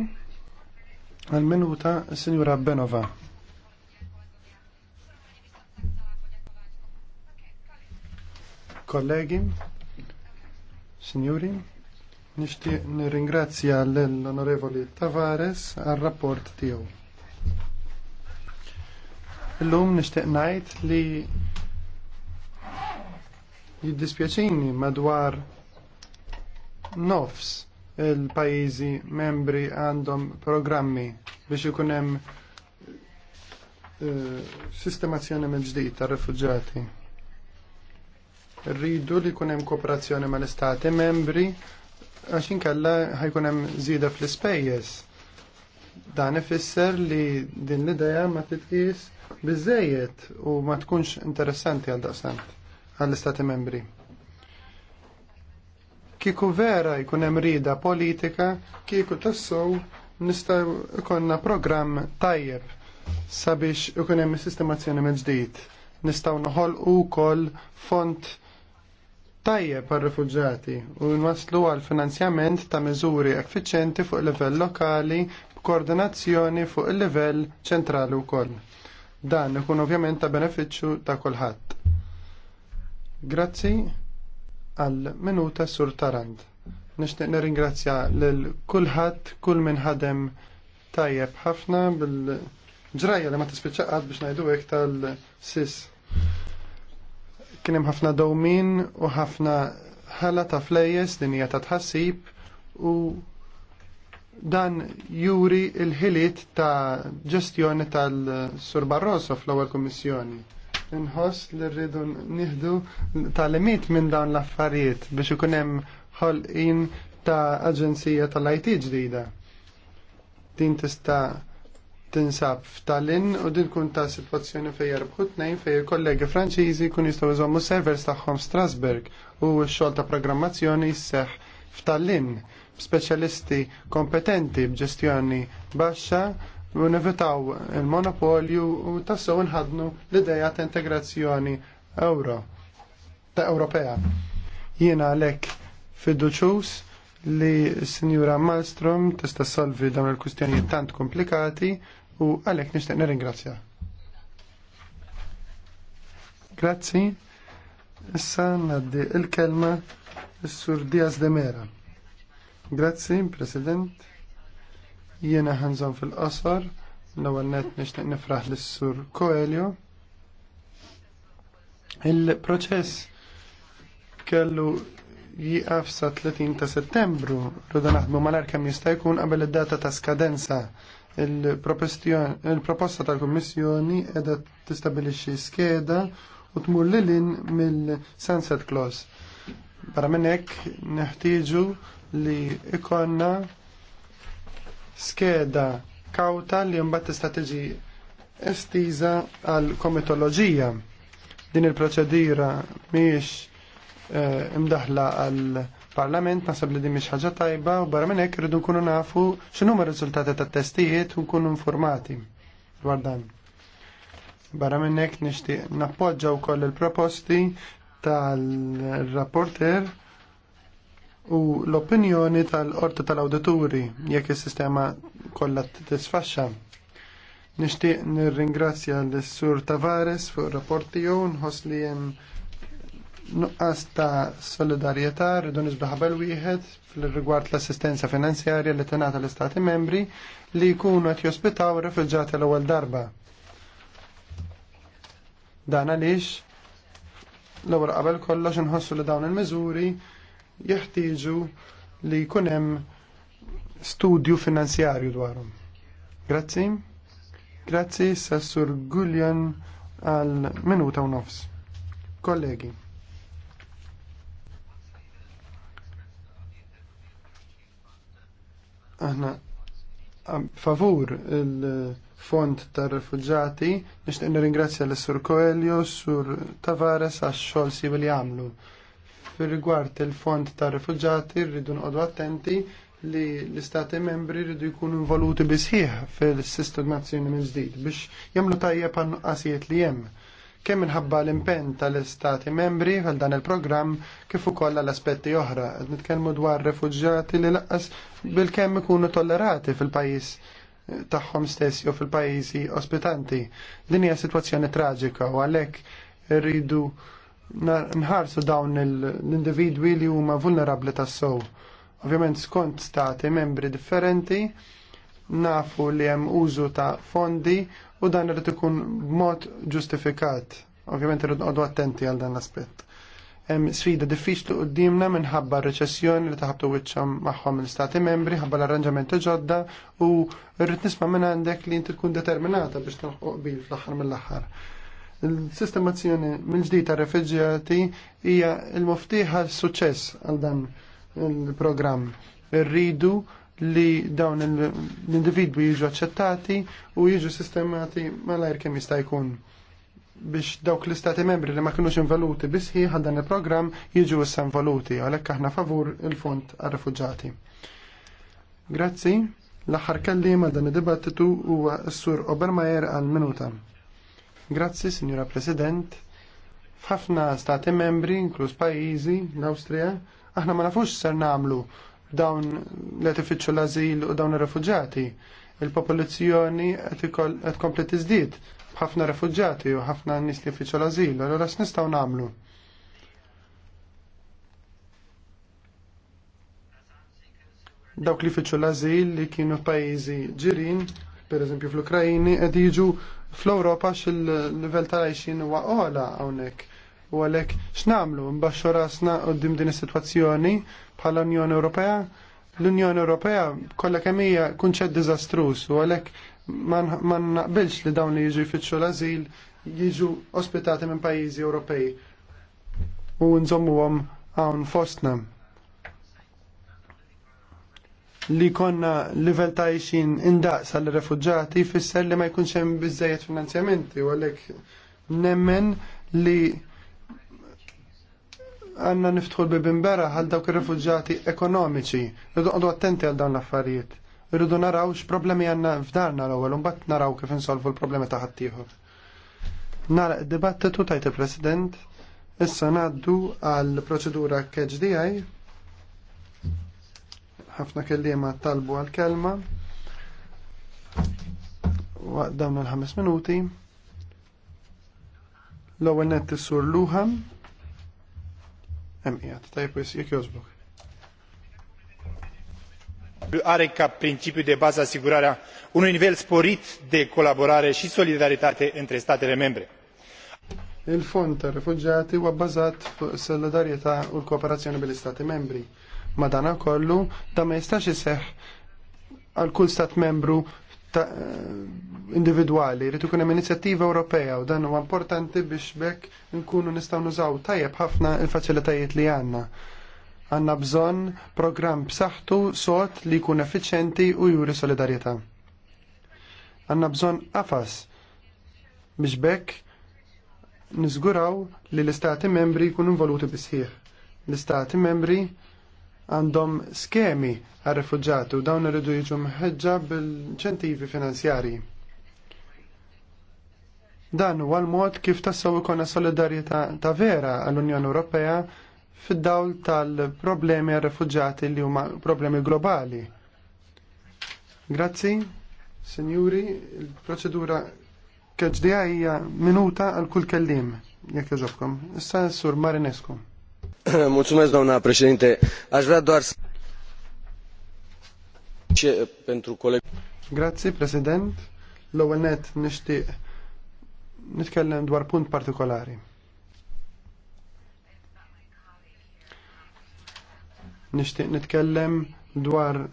minuta Signora Benova. Kollegi, signori, nishti nirringrazzja l-Onorevoli Tavares għal rapport tiegħu. Illum nishtiq ngħid li jiddispjaċini madwar nofs il-pajizi membri għandhom programmi biex ikun hemm eh, sistemazzjoni mill ġdid tar rifuġjati Rridu li jkun hemm kooperazzjoni mal-istati membri għax inkella ħajkun hemm żieda fl-ispejjeż. Dan ifisser li din l-idea ma titqis biżejjed u ma tkunx interessanti għal daqsant għall-istati membri. Kieku vera jkun hemm rida politika, kieku tassow nista' ikonna programm tajjeb sabiex ikun hemm sistemazzjoni mill ġdid. Nistgħu noħolqu wkoll font tajjeb għal rifuġġati u nwaslu għal finanzjament ta' miżuri effiċenti fuq livell lokali b'koordinazzjoni fuq il-livell ċentrali wkoll. Dan ikun ovvjament ta' benefiċċju ta' kulħadd. Grazzi għal minuta sur Tarand. Nishtiq nirringrazzja lil kulħadd kull min ħadem tajjeb ħafna bil ġraja li ma tispiċċaqad biex ngħidu għek tal-sis. Kien hemm ħafna dawmin u ħafna ħala ta' flejes dinija hija ta' tħassib u dan juri il-ħiliet ta' ġestjoni tal-Sur Barroso fl-ewwel Kummissjoni nħoss li rridu nieħdu tal-limit minn dawn l-affarijiet biex ikun hemm ħolqien ta' aġenzija tal-IT ġdida. Din tista' tinsab f'Tallinn u din kun ta' situazzjoni fejn jarbħu tnejn fejn kollegi Franċiżi kun jistgħu jżommu servers tagħhom Strasburg u x-xogħol ta' programmazzjoni jisseħ f'Tallinn b'speċjalisti kompetenti b'ġestjoni baxxa u nevitaw il-monopolju u tassew nħadnu l-ideja ta' integrazzjoni euro ta' Ewropea. Jiena lek fiduċus li Sinjura Malmstrom tista' solvi dawn il-kustjonijiet tant komplikati u għalek nixtieq nirringrazzja. Grazzi. Issa naddi il-kelma s-sur Diaz de Mera. Grazzi, President. Jiena ħanżon fil-qasar, l-ewwel net nixtieq nifraħ lis-sur Coelho. Il-proċess kellu jiqaf sa 30 ta' Settembru, rridu naħdmu malar kemm jista' jkun qabel id-data ta' skadenza. Il-proposta tal-Kummissjoni qiegħda tistabilixxi skeda u tmur lilin mill-Sunset Clause. Para minn hekk neħtieġu li ikonna skeda kawta li mbagħad tista' estiza għal komitoloġija. Din il-proċedira mhijiex eh, imdaħla għal parlament nasab li din miex ħaġa tajba u barra minnek rridu nkunu nafu xinu r-riżultati tat-testijiet u nkunu informati dwar dan. Barra minnek nishtiq nappoġġa wkoll il-proposti tal-rapporter u l-opinjoni tal-qorti tal-awdituri jekk is-sistema kollha tisfaxxa. Nixtieq nirringrazzja l-Sur Tavares fuq ir-rapport tiegħu nħoss li hemm nuqqas ta' solidarjetà rridu bel wieħed fil-rigward l-assistenza finanzjarja li tingħata l-Istati membri li jkunu qed jospitaw rifuġġati l-ewwel darba. Dan għaliex l-ewwel qabel kollox inħossu li dawn il-miżuri jeħtieġu li jkun hemm studju finanzjarju dwarhom. Grazzi. Grazzi Sassur Gullian għal minuta u nofs. Kollegi. aħna favur il-fond tar refugġati nishtiq nirringrazzja l-Sur Coelho, Sur Tavares għax xogħol siwi li għamlu. Fil-rigward il-fond ta' rifugġati rridu nqodu attenti li l-istati membri rridu jkunu involuti bisħieħ fil nazzjoni minn ġdid biex jagħmlu tajjeb għan qasijiet li hemm kemm minħabba l-impenn tal-istati membri għal dan il-programm kif ukoll għal aspetti oħra. Qed nitkellmu dwar refuġjati li laqas bil-kemm ikunu tollerati fil-pajjiż tagħhom stess jew fil-pajjiżi ospitanti. Din hija sitwazzjoni traġika u għalhekk rridu nħarsu dawn l-individwi li huma vulnerabli tas-sow. Ovvjament skont stati membri differenti nafu li hemm użu ta' fondi u dan irid ikun b'mod ġustifikat. Ovvjament irid noqogħdu attenti għal dan l-aspett. Hemm sfida diffiċli qudiemna minħabba r-reċessjoni li taħabtu wiċċhom magħhom l-istati membri ħabba l-arranġamenti ġodda u rrid nisma' minn għandek li inti tkun determinata biex tinħoq bil fl-aħħar mill-aħħar. Il-sistemazzjoni mill-ġdid ta' refugjati hija l-moftiħa suċċess għal dan il-programm. Irridu li dawn l-individwi jiġu accettati u jiġu sistemati malajr kemm jista' jkun biex dawk l-istati membri li ma kienux involuti bisħi dan il-programm jiġu issa involuti għalhekk aħna favur il-fond għar-refuġati. Grazzi, l-aħħar għal dan id-dibattitu huwa s-sur Obermajer għal minuta. Grazzi, Signora President. F'ħafna stati membri, inklus pajjiżi, l-Awstrija, aħna ma nafux ser namlu dawn li qed l-azil u dawn ir refugġati Il-popolazzjoni qed komplet tiżdied b'ħafna refugġati u ħafna nies li fiċu l-azil, s-nistaw nagħmlu? Dawk li jfittxu l-azil li kienu pajjiżi ġirin per eżempju fl-Ukrajini, qed jiġu fl-Ewropa x'il-livell tal-għajxin u ola hawnhekk. U għalhekk x'namlu mbaxxu rasna qudiem din is-sitwazzjoni bħala Unjoni Ewropea. L-Unjoni Ewropea kollha kemm hija dizastrus diżastruż u għalhekk ma naqbilx li dawn li jiġu jfittxu l azil jiġu ospitati minn pajjiżi Ewropej u nżommuhom hawn fostna li konna livell ta' jixin indaqs għal refugġati fisser li ma jkunx hemm biżejjed finanzjamenti u għalhekk nemmen li għanna niftħu l-bibin bera għal dawk ir-refugġati ekonomiċi. Rridu attenti għal dawn l-affarijiet. Rridu naraw x'problemi għandna f'darna l-ewwel un bat naraw kif insolvu l-problemi ta' ħaddieħor. Nara dibattitu tajt il-President, issa ngħaddu għal proċedura KHDI ħafna kellima talbu għal-kelma waqt dawn il-ħames minuti. L-ewwel nett is-sur Luhan hemm qiegħed tajb jek jogħġbok. Are ca principiu de bază asigurarea unui nivel sporit de colaborare și solidaritate între statele membre. Il fond tar-refuġjati huwa bbażat fuq solidarjetà u l-kooperazzjoni bil-Istati membri Madana kollu da ma jistax jiseħ għal kull stat membru ta, eh, individuali, rritu kunem inizjattiva Ewropea u dan huwa importanti biex bekk nkunu nistgħu nużaw tajjeb ħafna il-faċilitajiet li għandna. Għanna bżonn program b'saħħtu sod li jkun effiċenti u juri solidarjetà. Għanna bżonn qafas biex bekk niżguraw li l-istati membri jkunu involuti bisħieħ. L-istati membri għandhom skemi għal rifugġati u dawn irridu jiġu mħeġġa bil-ċentivi finanzjarji. Dan huwa l-mod kif tassew ikona solidarjetà ta' vera għall-Unjoni Ewropea fid-dawl tal-problemi għal rifugġati li huma problemi globali. Grazzi, Sinjuri, il-proċedura keġdija hija minuta għal kull kellim, jekk jogħġobkom. Issa Sur Marinescu. [CLEARS THROAT] Aș vrea doar să... pentru coleg... Grazie, President. L-ewwel net nixtieq nitkellem dwar punt partikolari. Nixtieq nitkellem dwar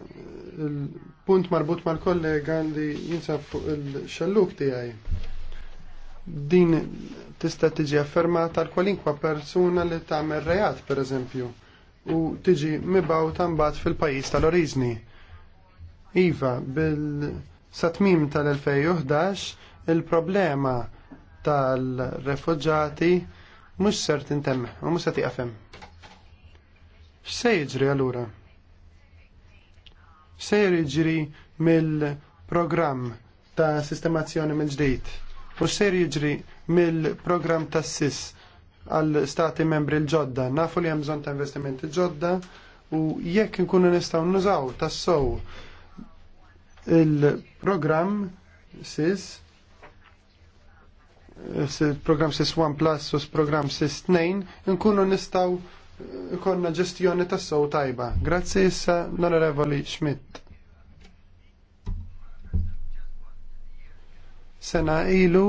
il-punt uh, marbut mal-kollega li jinsab fuq il-xalluk tiegħi. Din tista' tiġi affermata għal kwalinkwa persuna li tagħmel reat pereżempju u tiġi mibaw tambat fil-pajjiż tal-oriżni. Iva, bil-satmim tal-2011 il-problema tal-refugġati mhux ser tintemm u mhux se tiqafem. X'se jiġri allura? Se jiġri mill-programm ta' sistemazzjoni mill-ġdid u se jiġri mill-programm tassis sis għal stati membri l-ġodda. Nafu li hemm bżonn ta' investimenti ġodda u jekk nkunu nistgħu nużaw tas-sow il program SIS program SIS 1 Plus u program SIS 2 nkunu nistaw eh, konna ġestjoni tas sow tajba. Grazzi issa l-Onorevoli Schmidt. Sena ilu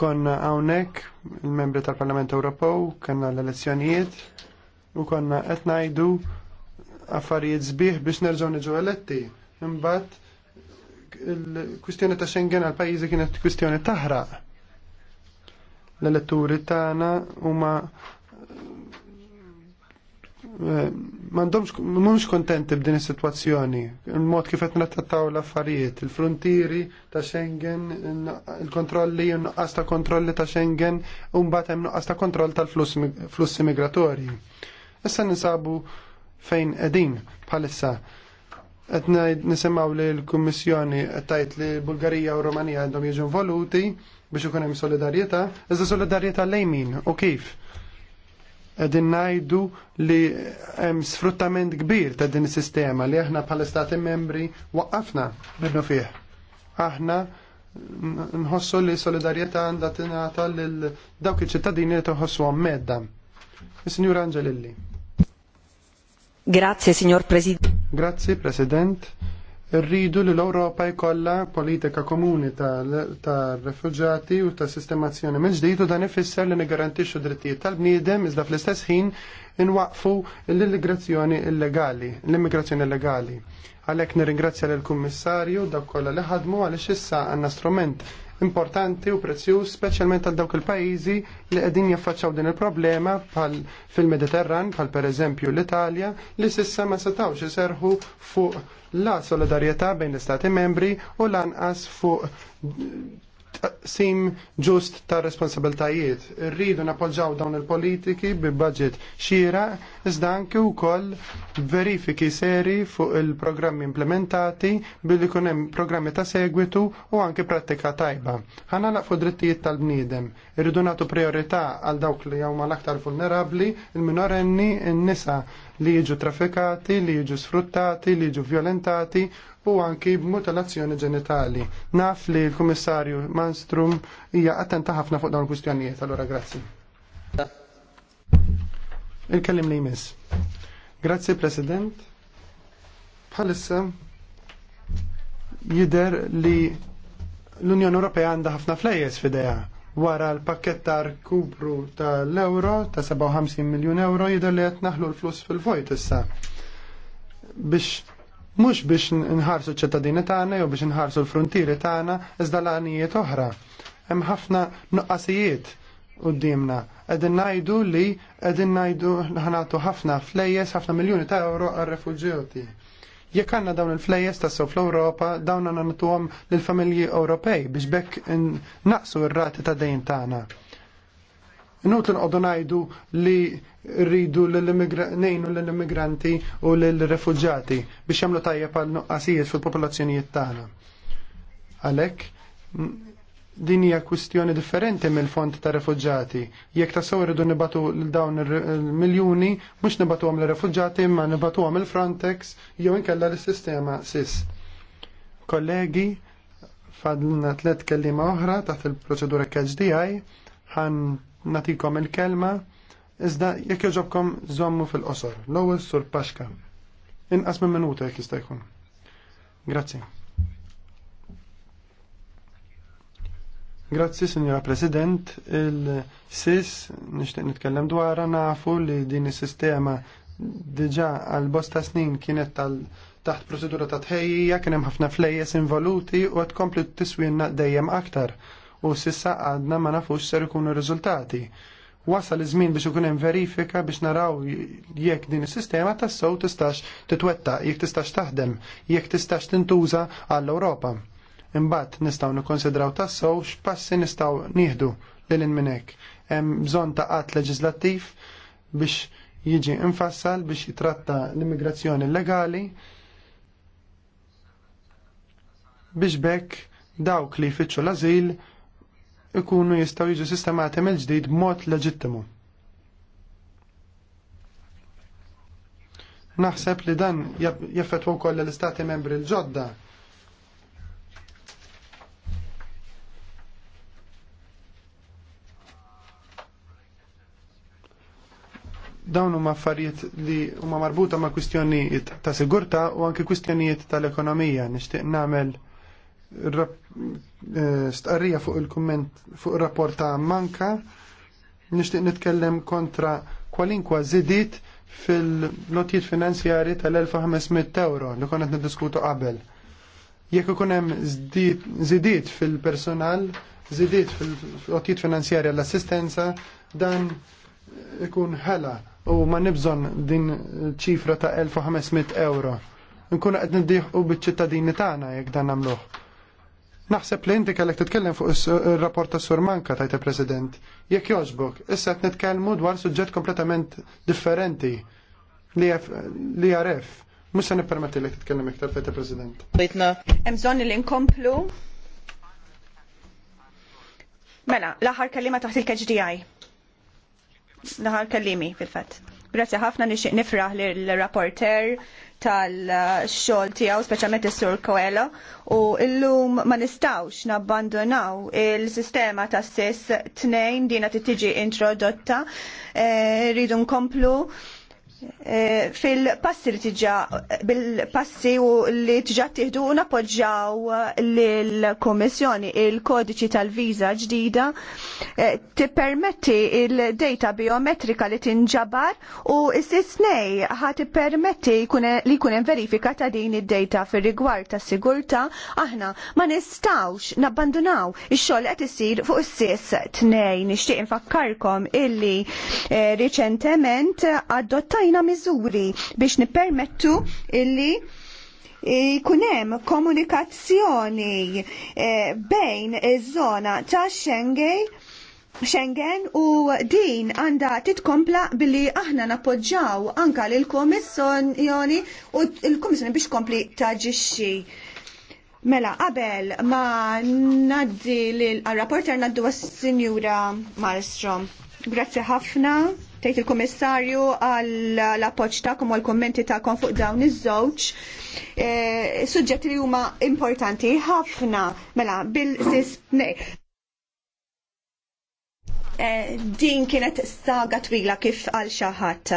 Konna hawnhekk il-membri tal-Parlament Ewropew, kellna l-elezzjonijiet u konna qed ngħidu affarijiet sbieħ biex nerġgħu niġu eletti. Imbagħad il-kwistjoni ta' Schengen għal pajjiżi kienet kwistjoni taħraq. l eletturi tagħna huma Eh, mhumx kontenti b'din is-sitwazzjoni, il-mod kif qed nattattaw l-affarijiet, il fruntieri ta' Schengen, il-kontrolli u nuqqas ta' kontrolli ta' Schengen u mbagħad hemm nuqqas ta' kontroll tal-flussi migratorji. Issa ninsabu fejn qegħdin bħalissa. Qed nisimgħu li l-Kummissjoni qed tgħid li Bulgarija u Rumanija għandhom jiġu involuti biex ikun hemm solidarjetà, iżda solidarjetà lejn min u kif? għedin ngħidu li hemm sfruttament kbir ta' din is-sistema li aħna bħala stati membri waqqafna minnu fih. Aħna nħossu li solidarjetà għandha tingħata lil dawk iċ-ċittadini li toħossuhom medda. Is-Sinjur Angelilli. Grazie, signor Presidente. Grazie, President. Rridu li l-Ewropa jkollha politika komuni tar-refuġati u ta' sistemazzjoni minn ġdid u dan ifisser li nigarantixxu drittijiet tal-bniedem iżda fl-istess ħin inwaqfu l-immigrazzjoni illegali, l-immigrazzjoni illegali. Għalhekk nirringrazzja lill kummissarju dak kollha li ħadmu għaliex issa għandna strument importanti u prezzjuż speċjalment għal dawk il-pajjiżi li qegħdin jaffaċċaw din il-problema bħal fil-Mediterran, bħal pereżempju l-Italja, li s'issa ma setawx iserħu fuq la solidarjetà bejn l-Istati membri u lanqas fuq sim ġust ta' responsabiltajiet. Rridu napoġġaw dawn il-politiki bi budget xira, iżda anke wkoll verifiki seri fuq il-programmi implementati billi kun hemm programmi ta' segwitu u anke prattika tajba. Ħana fuq drittijiet tal-bniedem. Irridu nagħtu priorità għal dawk li huma l-aktar vulnerabbli, il-minorenni, in-nisa, il li jiġu trafikati, li jiġu sfruttati, li jiġu violentati u anki b'mutilazzjoni ġenitali. Naf li l-Kummissarju Manstrum hija attenta ħafna fuq dawn il-kwistjonijiet, allora grazzi. Il-kellim li jmiss. Grazzi President. Bħalissa jider li l-Unjoni Ewropea għandha ħafna flejjes f'idejha wara l-pakket kubru tal-euro ta' 57 miljon euro jidher li qed naħlu l-flus fil-vojt issa. Biex mhux biex nħarsu ċittadini tagħna jew biex nħarsu l-frontieri tagħna iżda l-għanijiet oħra. Hemm ħafna nuqqasijiet qudiemna. Qegħdin ngħidu li qegħdin ngħidu ħanatu ħafna flejjes, ħafna miljuni ta' euro għar-refuġjati. Jekk għandna dawn il-flejjes ta' sew fl-Ewropa, dawn għanna ntuhom lill-familji Ewropej biex bekk naqsu r-rati ta' dejn tagħna. Inut l ngħidu li rridu l-nejnu l-immigranti u l-refugġati biex jamlu tajjeb pal nuqqasijiet fil-popolazzjonijiet tagħna. Għalhekk din hija kwistjoni differenti mill-fond ta' refugġati. Jekk ta' irridu nibatu dawn il-miljuni, mhux nibatu għam l-refugġati, ma nibatu għam il-Frontex, jew inkella l-sistema SIS. Kollegi, fadlna tlet kellima oħra taħt il-proċedura KHDI, ħan natikom il-kelma, iżda jekk joġobkom żommu fil-qosor, l-ewwel sur Paxka. Inqas minn minuta jekk jista' jkun. Grazie. Grazzi, Signora President. Il-SIS, nishtiq nitkellem dwarha nafu li din is-sistema diġà għal bosta snin kienet tal taħt procedura ta' tħejja, kien hemm ħafna flejjes involuti u qed komplu tiswienna dejjem aktar. U sissa għadna ma nafux ser ikunu riżultati. Wasal iż-żmien biex ikun hemm verifika biex naraw jekk din is-sistema tassew tistax titwetta, jekk tistax taħdem, jekk tistax tintuża għall-Ewropa Imbagħad nistgħu nikkonsidraw tassaw x'passi nistgħu nieħdu lil minn hekk. Hemm bżonn ta' qatt leġislattiv biex jiġi infassal biex jitratta l-immigrazzjoni legali biex bekk dawk li jfittxu l-azil ikunu jistaw jiġu sistemati mill ġdid b'mod leġittimu. Naħseb li dan jaffetwu koll l-istati membri l-ġodda dawn huma affarijiet li huma marbuta ma' kwistjonijiet ta' sigurta u anke kwistjonijiet tal-ekonomija. Nixtieq nagħmel eh, stqarrija fuq il-kumment fuq ir-rapport ta' Manka. Nixtieq nitkellem kontra kwalinkwa żidiet fil-lotijiet finanzjari tal-1500 euro li konna qed niddiskutu qabel. Jekk ikun hemm żidiet fil-personal, żidiet fil-lotijiet finanzjari għall-assistenza, dan ikun ħela u ma nibżon din ċifra ta' 1500 euro. Nkun qed niddiħu biċ-ċittadini tagħna jekk dan nagħmluh. Naħseb li inti kellek titkellem fuq ir-rapport ta' Surmanka tajt il-President. Jekk jogħġbok, issa qed nitkellmu dwar suġġett kompletament differenti li jaref. Mhux se nippermetti li titkellem iktar tajt il-President. Hemm emżon li nkomplu. Mela, l-aħħar kelliema taħt il-KGDI naħar kallimi fil-fat. Grazie ħafna nixtieq nifraħ l-rapporter tal-xogħol tiegħu speċjalment is-Sur Coelho u llum ma nistgħux nabbandonaw il-sistema ta' sis tnejn dina tiġi introdotta eh, rridu nkomplu Eh, fil-passi li tiġa bil-passi u li tiġa tiħdu napoġġaw eh, l-Komissjoni il-kodiċi tal-viza ġdida eh, tippermetti il-data biometrika li tinġabar u s-sisnej ħat permetti li kunen verifika ta' din id-data fil rigward ta' sigurta aħna ma nistawx nabbandunaw il xogħol qed isir fuq is-sis tnejn nixtieq infakkarkom illi riċentement adottajn adottajna miżuri biex nippermettu illi Kunem komunikazzjoni eh, bejn iż-żona ta' Schengen Schengen u din għanda titkompla billi aħna napoġġaw anka l komissjoni u l-Komissjoni biex kompli taġixxi. Mela, qabel ma naddi l-rapporter naddu għas-Sinjura Malstrom. Grazzi ħafna. Tejt il-Kummissarju għall appoġġ tagħkom u l-kummenti tagħkom fuq dawn iż-żewġ eh, suġġetti li huma importanti ħafna mela bil-sis Eh, din kienet saga twila kif għal xaħat.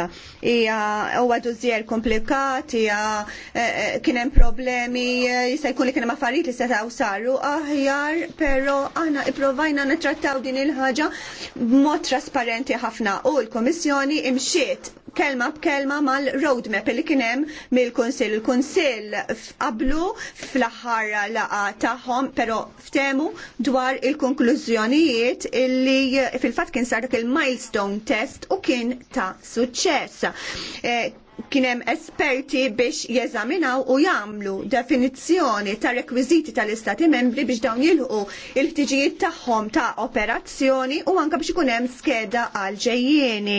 Ija huwa zjer komplikat, ija eh, eh, kien hemm problemi, jista' jkun li kien hemm affarijiet li seta'w saru aħjar, pero aħna iprovajna nittrattaw din il-ħaġa b'mod trasparenti ħafna u l-Komissjoni imxiet kelma b'kelma mal-roadmap li kien hemm mill-Kunsill. Il-Kunsill qablu fl-aħħar laqa tagħhom, però ftemu dwar il-konklużjonijiet illi fil-fatt kien sar dak il-milestone test u kien ta' suċċess. Eh, kienem esperti biex jeżaminaw u jamlu definizzjoni ta' rekwiziti tal-istati membri biex dawn jilħu il-ħtiġijiet tagħhom ta' operazzjoni u anka biex ikun hemm skeda għal ġejjieni.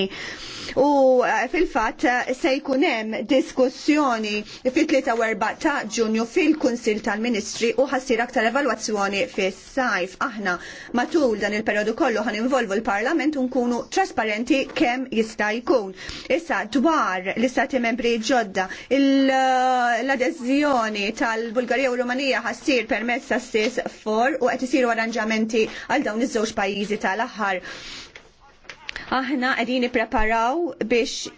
U eh, fil-fatt eh, se jkun hemm diskussjoni fit-3 ta' Ġunju fil kunsill tal-Ministri u ħassir aktar evalwazzjoni fis-sajf. Aħna matul dan il-perjodu kollu ħan involvu l-Parlament u nkunu trasparenti kemm jista' jkun. Issa dwar l-istati stati membri ġodda. L-adeżjoni tal-Bulgarija u Rumanija ħassir permezz ta' sis for u qed isiru arranġamenti għal dawn iż-żewġ pajjiżi tal-aħħar. Aħna qegħdin nippreparaw biex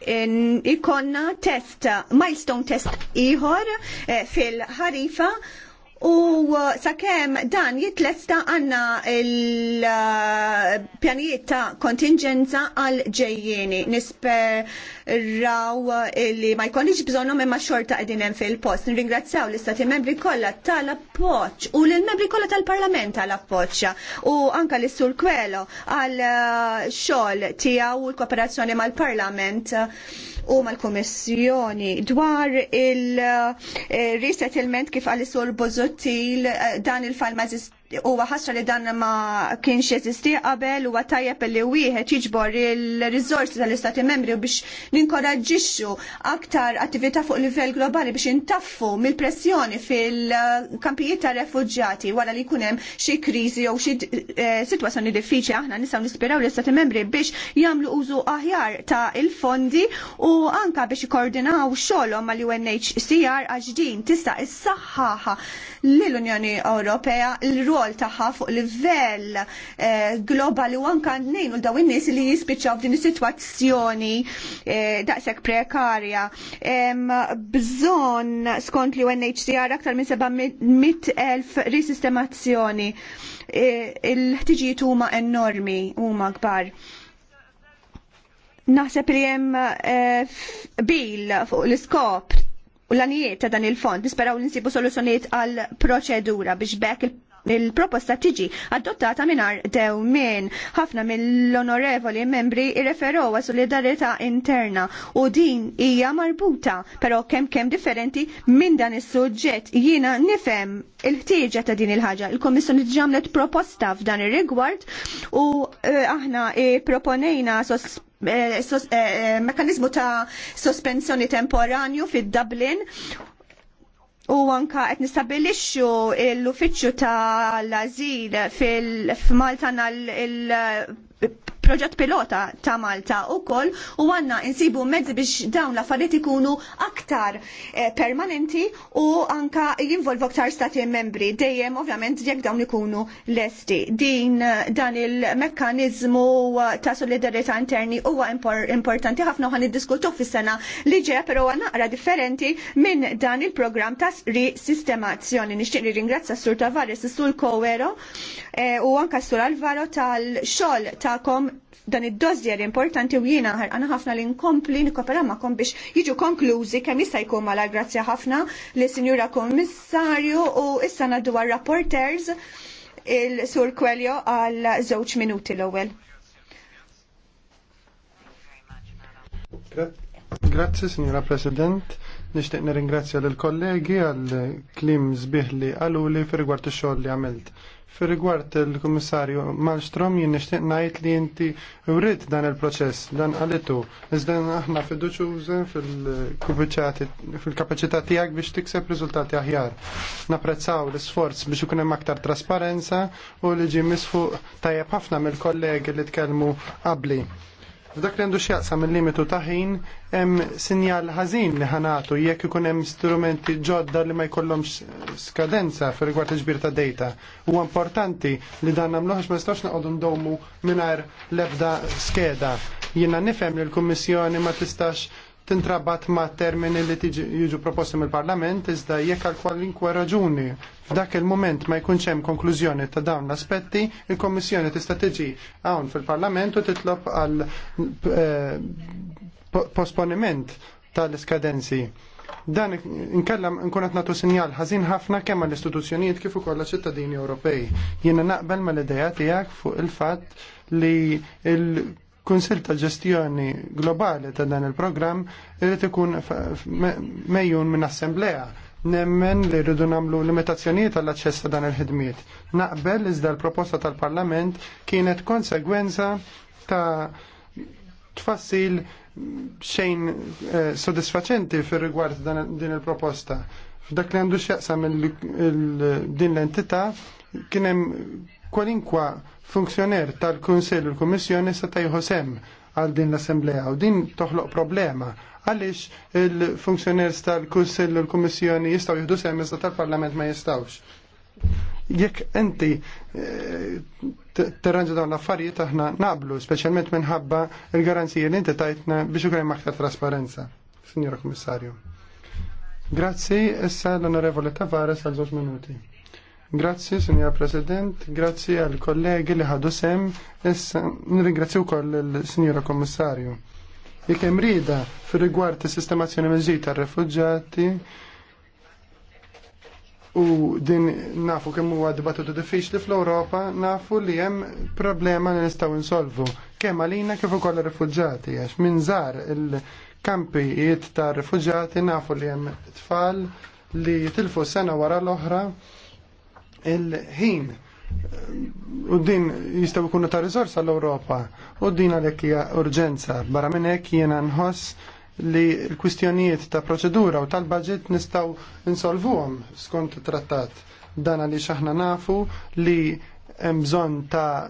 ikonna test, milestone test ieħor eh, fil-ħarifa U uh, sakemm dan jitlesta għanna il-pjanijiet uh, ta' kontingenza għal ġejjeni. Nisperaw uh, li ma jkollix bżonnu imma xorta qegħdin hemm fil-post. Nringrazzaw l-istati membri kollha tal-appoġġ u l-membri kollha tal-Parlament tal-appoġġ u anka l-Sur Kwelo għal xogħol tiegħu u l-kooperazzjoni mal-Parlament u mal-Komissjoni dwar il-resettlement eh, kif għal-sur Bozottil eh, dan il-fall huwa għasra li dan ma kienx jeżisti qabel huwa tajjeb li wieħed jiġbor il rizorsi tal-Istati Membri biex ninkoraġġixxu aktar attività fuq livell globali biex intaffu mill-pressjoni fil-kampijiet ta' refugġati wara li jkun hemm xi kriżi jew xi eh, sitwazzjoni diffiċli aħna nistgħu nispiraw l-Istati Membri biex jagħmlu użu aħjar ta' il-fondi u anka biex jikkoordinaw xogħolhom mal-UNHCR għax din tista' is-saħħaħa l-Unjoni Ewropea l-rol tagħha fuq livell eh, globali u anke ngħinu daw in-nies li jispiċċaw f'din is-sitwazzjoni eh, daqshekk prekarja. Bżonn skont li UNHCR aktar minn 700,000 risistemazzjoni. Eh, il-ħtiġijiet huma enormi huma kbar naħseb li hemm bil fuq l-iskop u l-anijiet ta' dan il-fond nisperaw li insibu soluzzjoniet għal proċedura biex bekk il-proposta tiġi adottata minar dew min. Ħafna mill-onorevoli membri irreferow għal solidarieta interna u din hija marbuta, pero kem kem differenti minn dan is-suġġett jiena nifhem il-ħtieġa ta' din il-ħaġa. il komissjoni ġamlet proposta f'dan ir-rigward u eh, aħna proponejna sos Eh, eh, eh, mekanizmu ta' sospensjoni temporanju fid-Dublin u anka qed nistabilixxu l-uffiċċju tal-azil fil-Malta il proġett pilota ta' Malta u koll u għanna insibu mezzi biex dawn l-affarijiet ikunu aktar eh, permanenti u anka jinvolvu aktar stati membri dejjem ovvjament jekk dawn ikunu lesti. Din eh, dan il-mekkanizmu eh, ta' solidarietà interni huwa importanti ħafna ħan iddiskutu fis-sena li ġej però naqra differenti minn dan il-programm ta' risistemazzjoni. Nixtieq li s Sur Tavares, Sur Kowero u anka Sur Alvaro tal-xogħol kom dan id-dossier importanti u jiena għana ħafna li nkompli nikopera magħkom biex jiġu konklużi kemm jista' jkun mala grazzja ħafna li Sinjura Kommissarju u issa għal rapporters il-Sur Kweljo għal żewġ minuti l-ewwel. Grazzi, Signora President. Nishtiq nirringrazzja lill kollegi għal klim zbih li għalu li fir-rigward ix-xogħol li għamilt Fir rigward il-Kummissarju Malmstrom jien nixtieq ngħid li inti wrid dan il-proċess dan qalitu. Iżda aħna fiduċuża fil-kapaċità tiegħek biex tikseb riżultati aħjar. Napprezzaw l-isforz biex ikun hemm aktar trasparenza u li ġie misfuq tajjeb ħafna mill-kollegi li tkellmu qabli. F'dak li għandu xjaqsam il-limitu ta' ħin hemm sinjal ħażin li ħanatu jekk ikun hemm strumenti ġodda li ma jkollhomx skadenza fir rigward iġbir ġbir ta' data. Huwa importanti li dan nagħmluħax ma nistgħux noqogħdu ndomu mingħajr l-ebda skeda. Jiena nifhem li l-Kummissjoni ma tistax tintrabat ma' termini li jiġu proposti mill-Parlament iżda jekk għal kwalinkwa raġuni f'dak il-moment ma jkunx hemm konklużjoni ta' dawn l-aspetti, il-Kommissjoni tista' tiġi hawn fil-Parlament u titlob għal eh, posponiment tal-iskadenzi. Dan inkellam nkun qed nagħtu sinjal ħażin ħafna kemm għall-istituzzjonijiet kif ukoll ċittadini Ewropej. Jiena naqbel mal-idea tiegħek fuq il-fatt li l Kunsil ta' ġestjoni globali ta' dan il-programm irid ikun mejjun minn assemblea nemmen li rridu nagħmlu limitazzjonijiet għall aċċess ta' dan il-ħidmiet. Naqbel iżda l-proposta tal-Parlament kienet konsegwenza ta' tfassil xejn eh, sodisfaċenti fir rigward din il-proposta. F'dak li għandu x'jaqsam din l-entità kien hemm kwalinkwa funzjoner tal-Kunsell u l-Kummissjoni se tajħu sem għal din l-Assemblea u din toħloq problema għaliex il funksjoner tal-Kunsell u l-Kummissjoni jistgħu jieħdu sem iżda tal-Parlament ma jistawx. Jekk inti eh, terranġa dawn l-affarijiet aħna naqblu, speċjalment minħabba il-garanzija li inti tajtna biex u hemm aktar trasparenza, Signora Kommissarju. Grazzi, issa l-Onorevole Tavares għal żewġ minuti. Grazzi, Signora President, grazzi għal kollegi li ħadu sem, issa nirringrazzju koll il-Signora Kommissarju. Jek rida fil rigward sistemazzjoni mezzit tar refugġati u din nafu kemm huwa dibattitu diffiċli fl-Ewropa, nafu li hemm problema li nistgħu insolvu. Kemm għalina kif ukoll ir-refuġġati għax minn żar il-kampijiet tar-refuġġati nafu li hemm tfal li jitilfu sena wara l-oħra il-ħin eh, u din jistaw ikunu ta' rizors għall-Europa u din għalek hija urġenza barra minn hekk jiena nħoss li l-kwistjonijiet ta' proċedura u tal-budget nistaw insolvuhom skont trattat dan għaliex aħna nafu li hemm bżonn ta'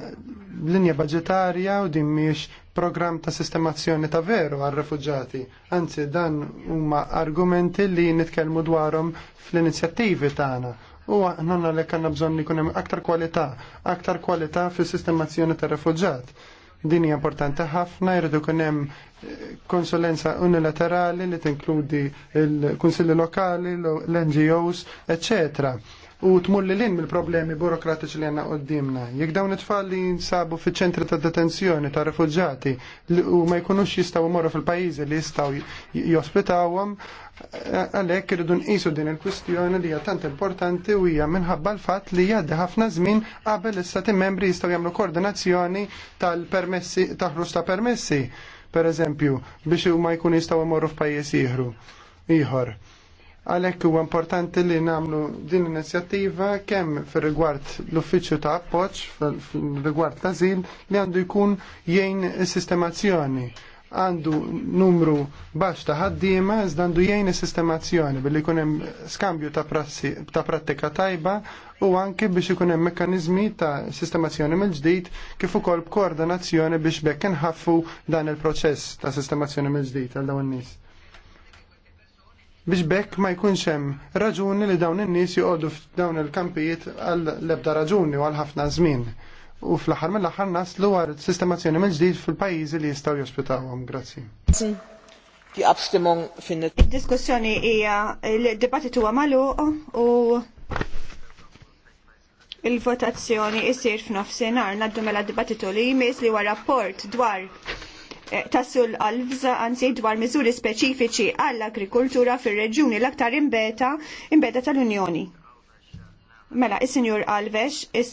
linja budgetarja u din miex program ta' sistemazzjoni ta' veru għal refugġati Anzi, dan huma argumenti li nitkellmu dwarhom fl-inizjattivi tagħna u għanna li għanna bżon li kunem aktar kwalità, aktar kwalità fis sistemazzjoni ta' refugġat. Din hija importanti ħafna, jridu kunem eh, konsulenza unilaterali li tinkludi il-kunsilli lokali, l-NGOs, eccetera u tmur l-in mill-problemi burokratiċi li għanna għoddimna. Jek dawn it-tfal li nsabu fi ċentri ta' detenzjoni ta' rifugġati u ma jkunux jistaw morru fil-pajizi li jistaw jospitawhom, għalhekk irridu nqisu din il-kwistjoni li hija tant importanti u hija minħabba l-fatt li jgħaddi ħafna żmien qabel l-istati membri jistaw jagħmlu koordinazzjoni tal-permessi ta' ħruġ ta' permessi per eżempju, biex u ma jkun jistaw imorru f'pajjiż ieħor. Għalhekk huwa importanti li nagħmlu din l-inizjattiva kemm fir-rigward l-uffiċċju ta' appoġġ fil rigward ta' zil, li għandu jkun jgħin sistemazzjoni għandu numru baxx ta' ħaddiema iżda għandu jgħin is-sistemazzjoni billi jkun hemm skambju ta' prassi ta' prattika tajba u anke biex ikun hemm mekkaniżmi ta' sistemazzjoni mill-ġdid kif ukoll b'koordinazzjoni biex bekken ħaffu dan il-proċess ta' sistemazzjoni mill-ġdid għal dawn nies biex bekk ma jkunx hemm raġuni li dawn in-nies joqogħdu f'dawn il-kampijiet għal lebda raġuni u għal ħafna żmien. U fl-aħħar mill-aħħar naslu għal sistemazzjoni mill-ġdid fil-pajjiżi li jistgħu jospitawhom. Grazzi. Di abstimmung finnet. Diskussjoni hija il-dibattitu huwa magħluq u il-votazzjoni isir f'nofsinhar ngħaddu mela dibattitu li jmiss li huwa rapport dwar Eh, tasul għal-vza għanzi dwar miżuri speċifiċi għall-agrikultura fir-reġjuni l-aktar imbeta imbeta tal-Unjoni. Mela, is-Sinjur Alves,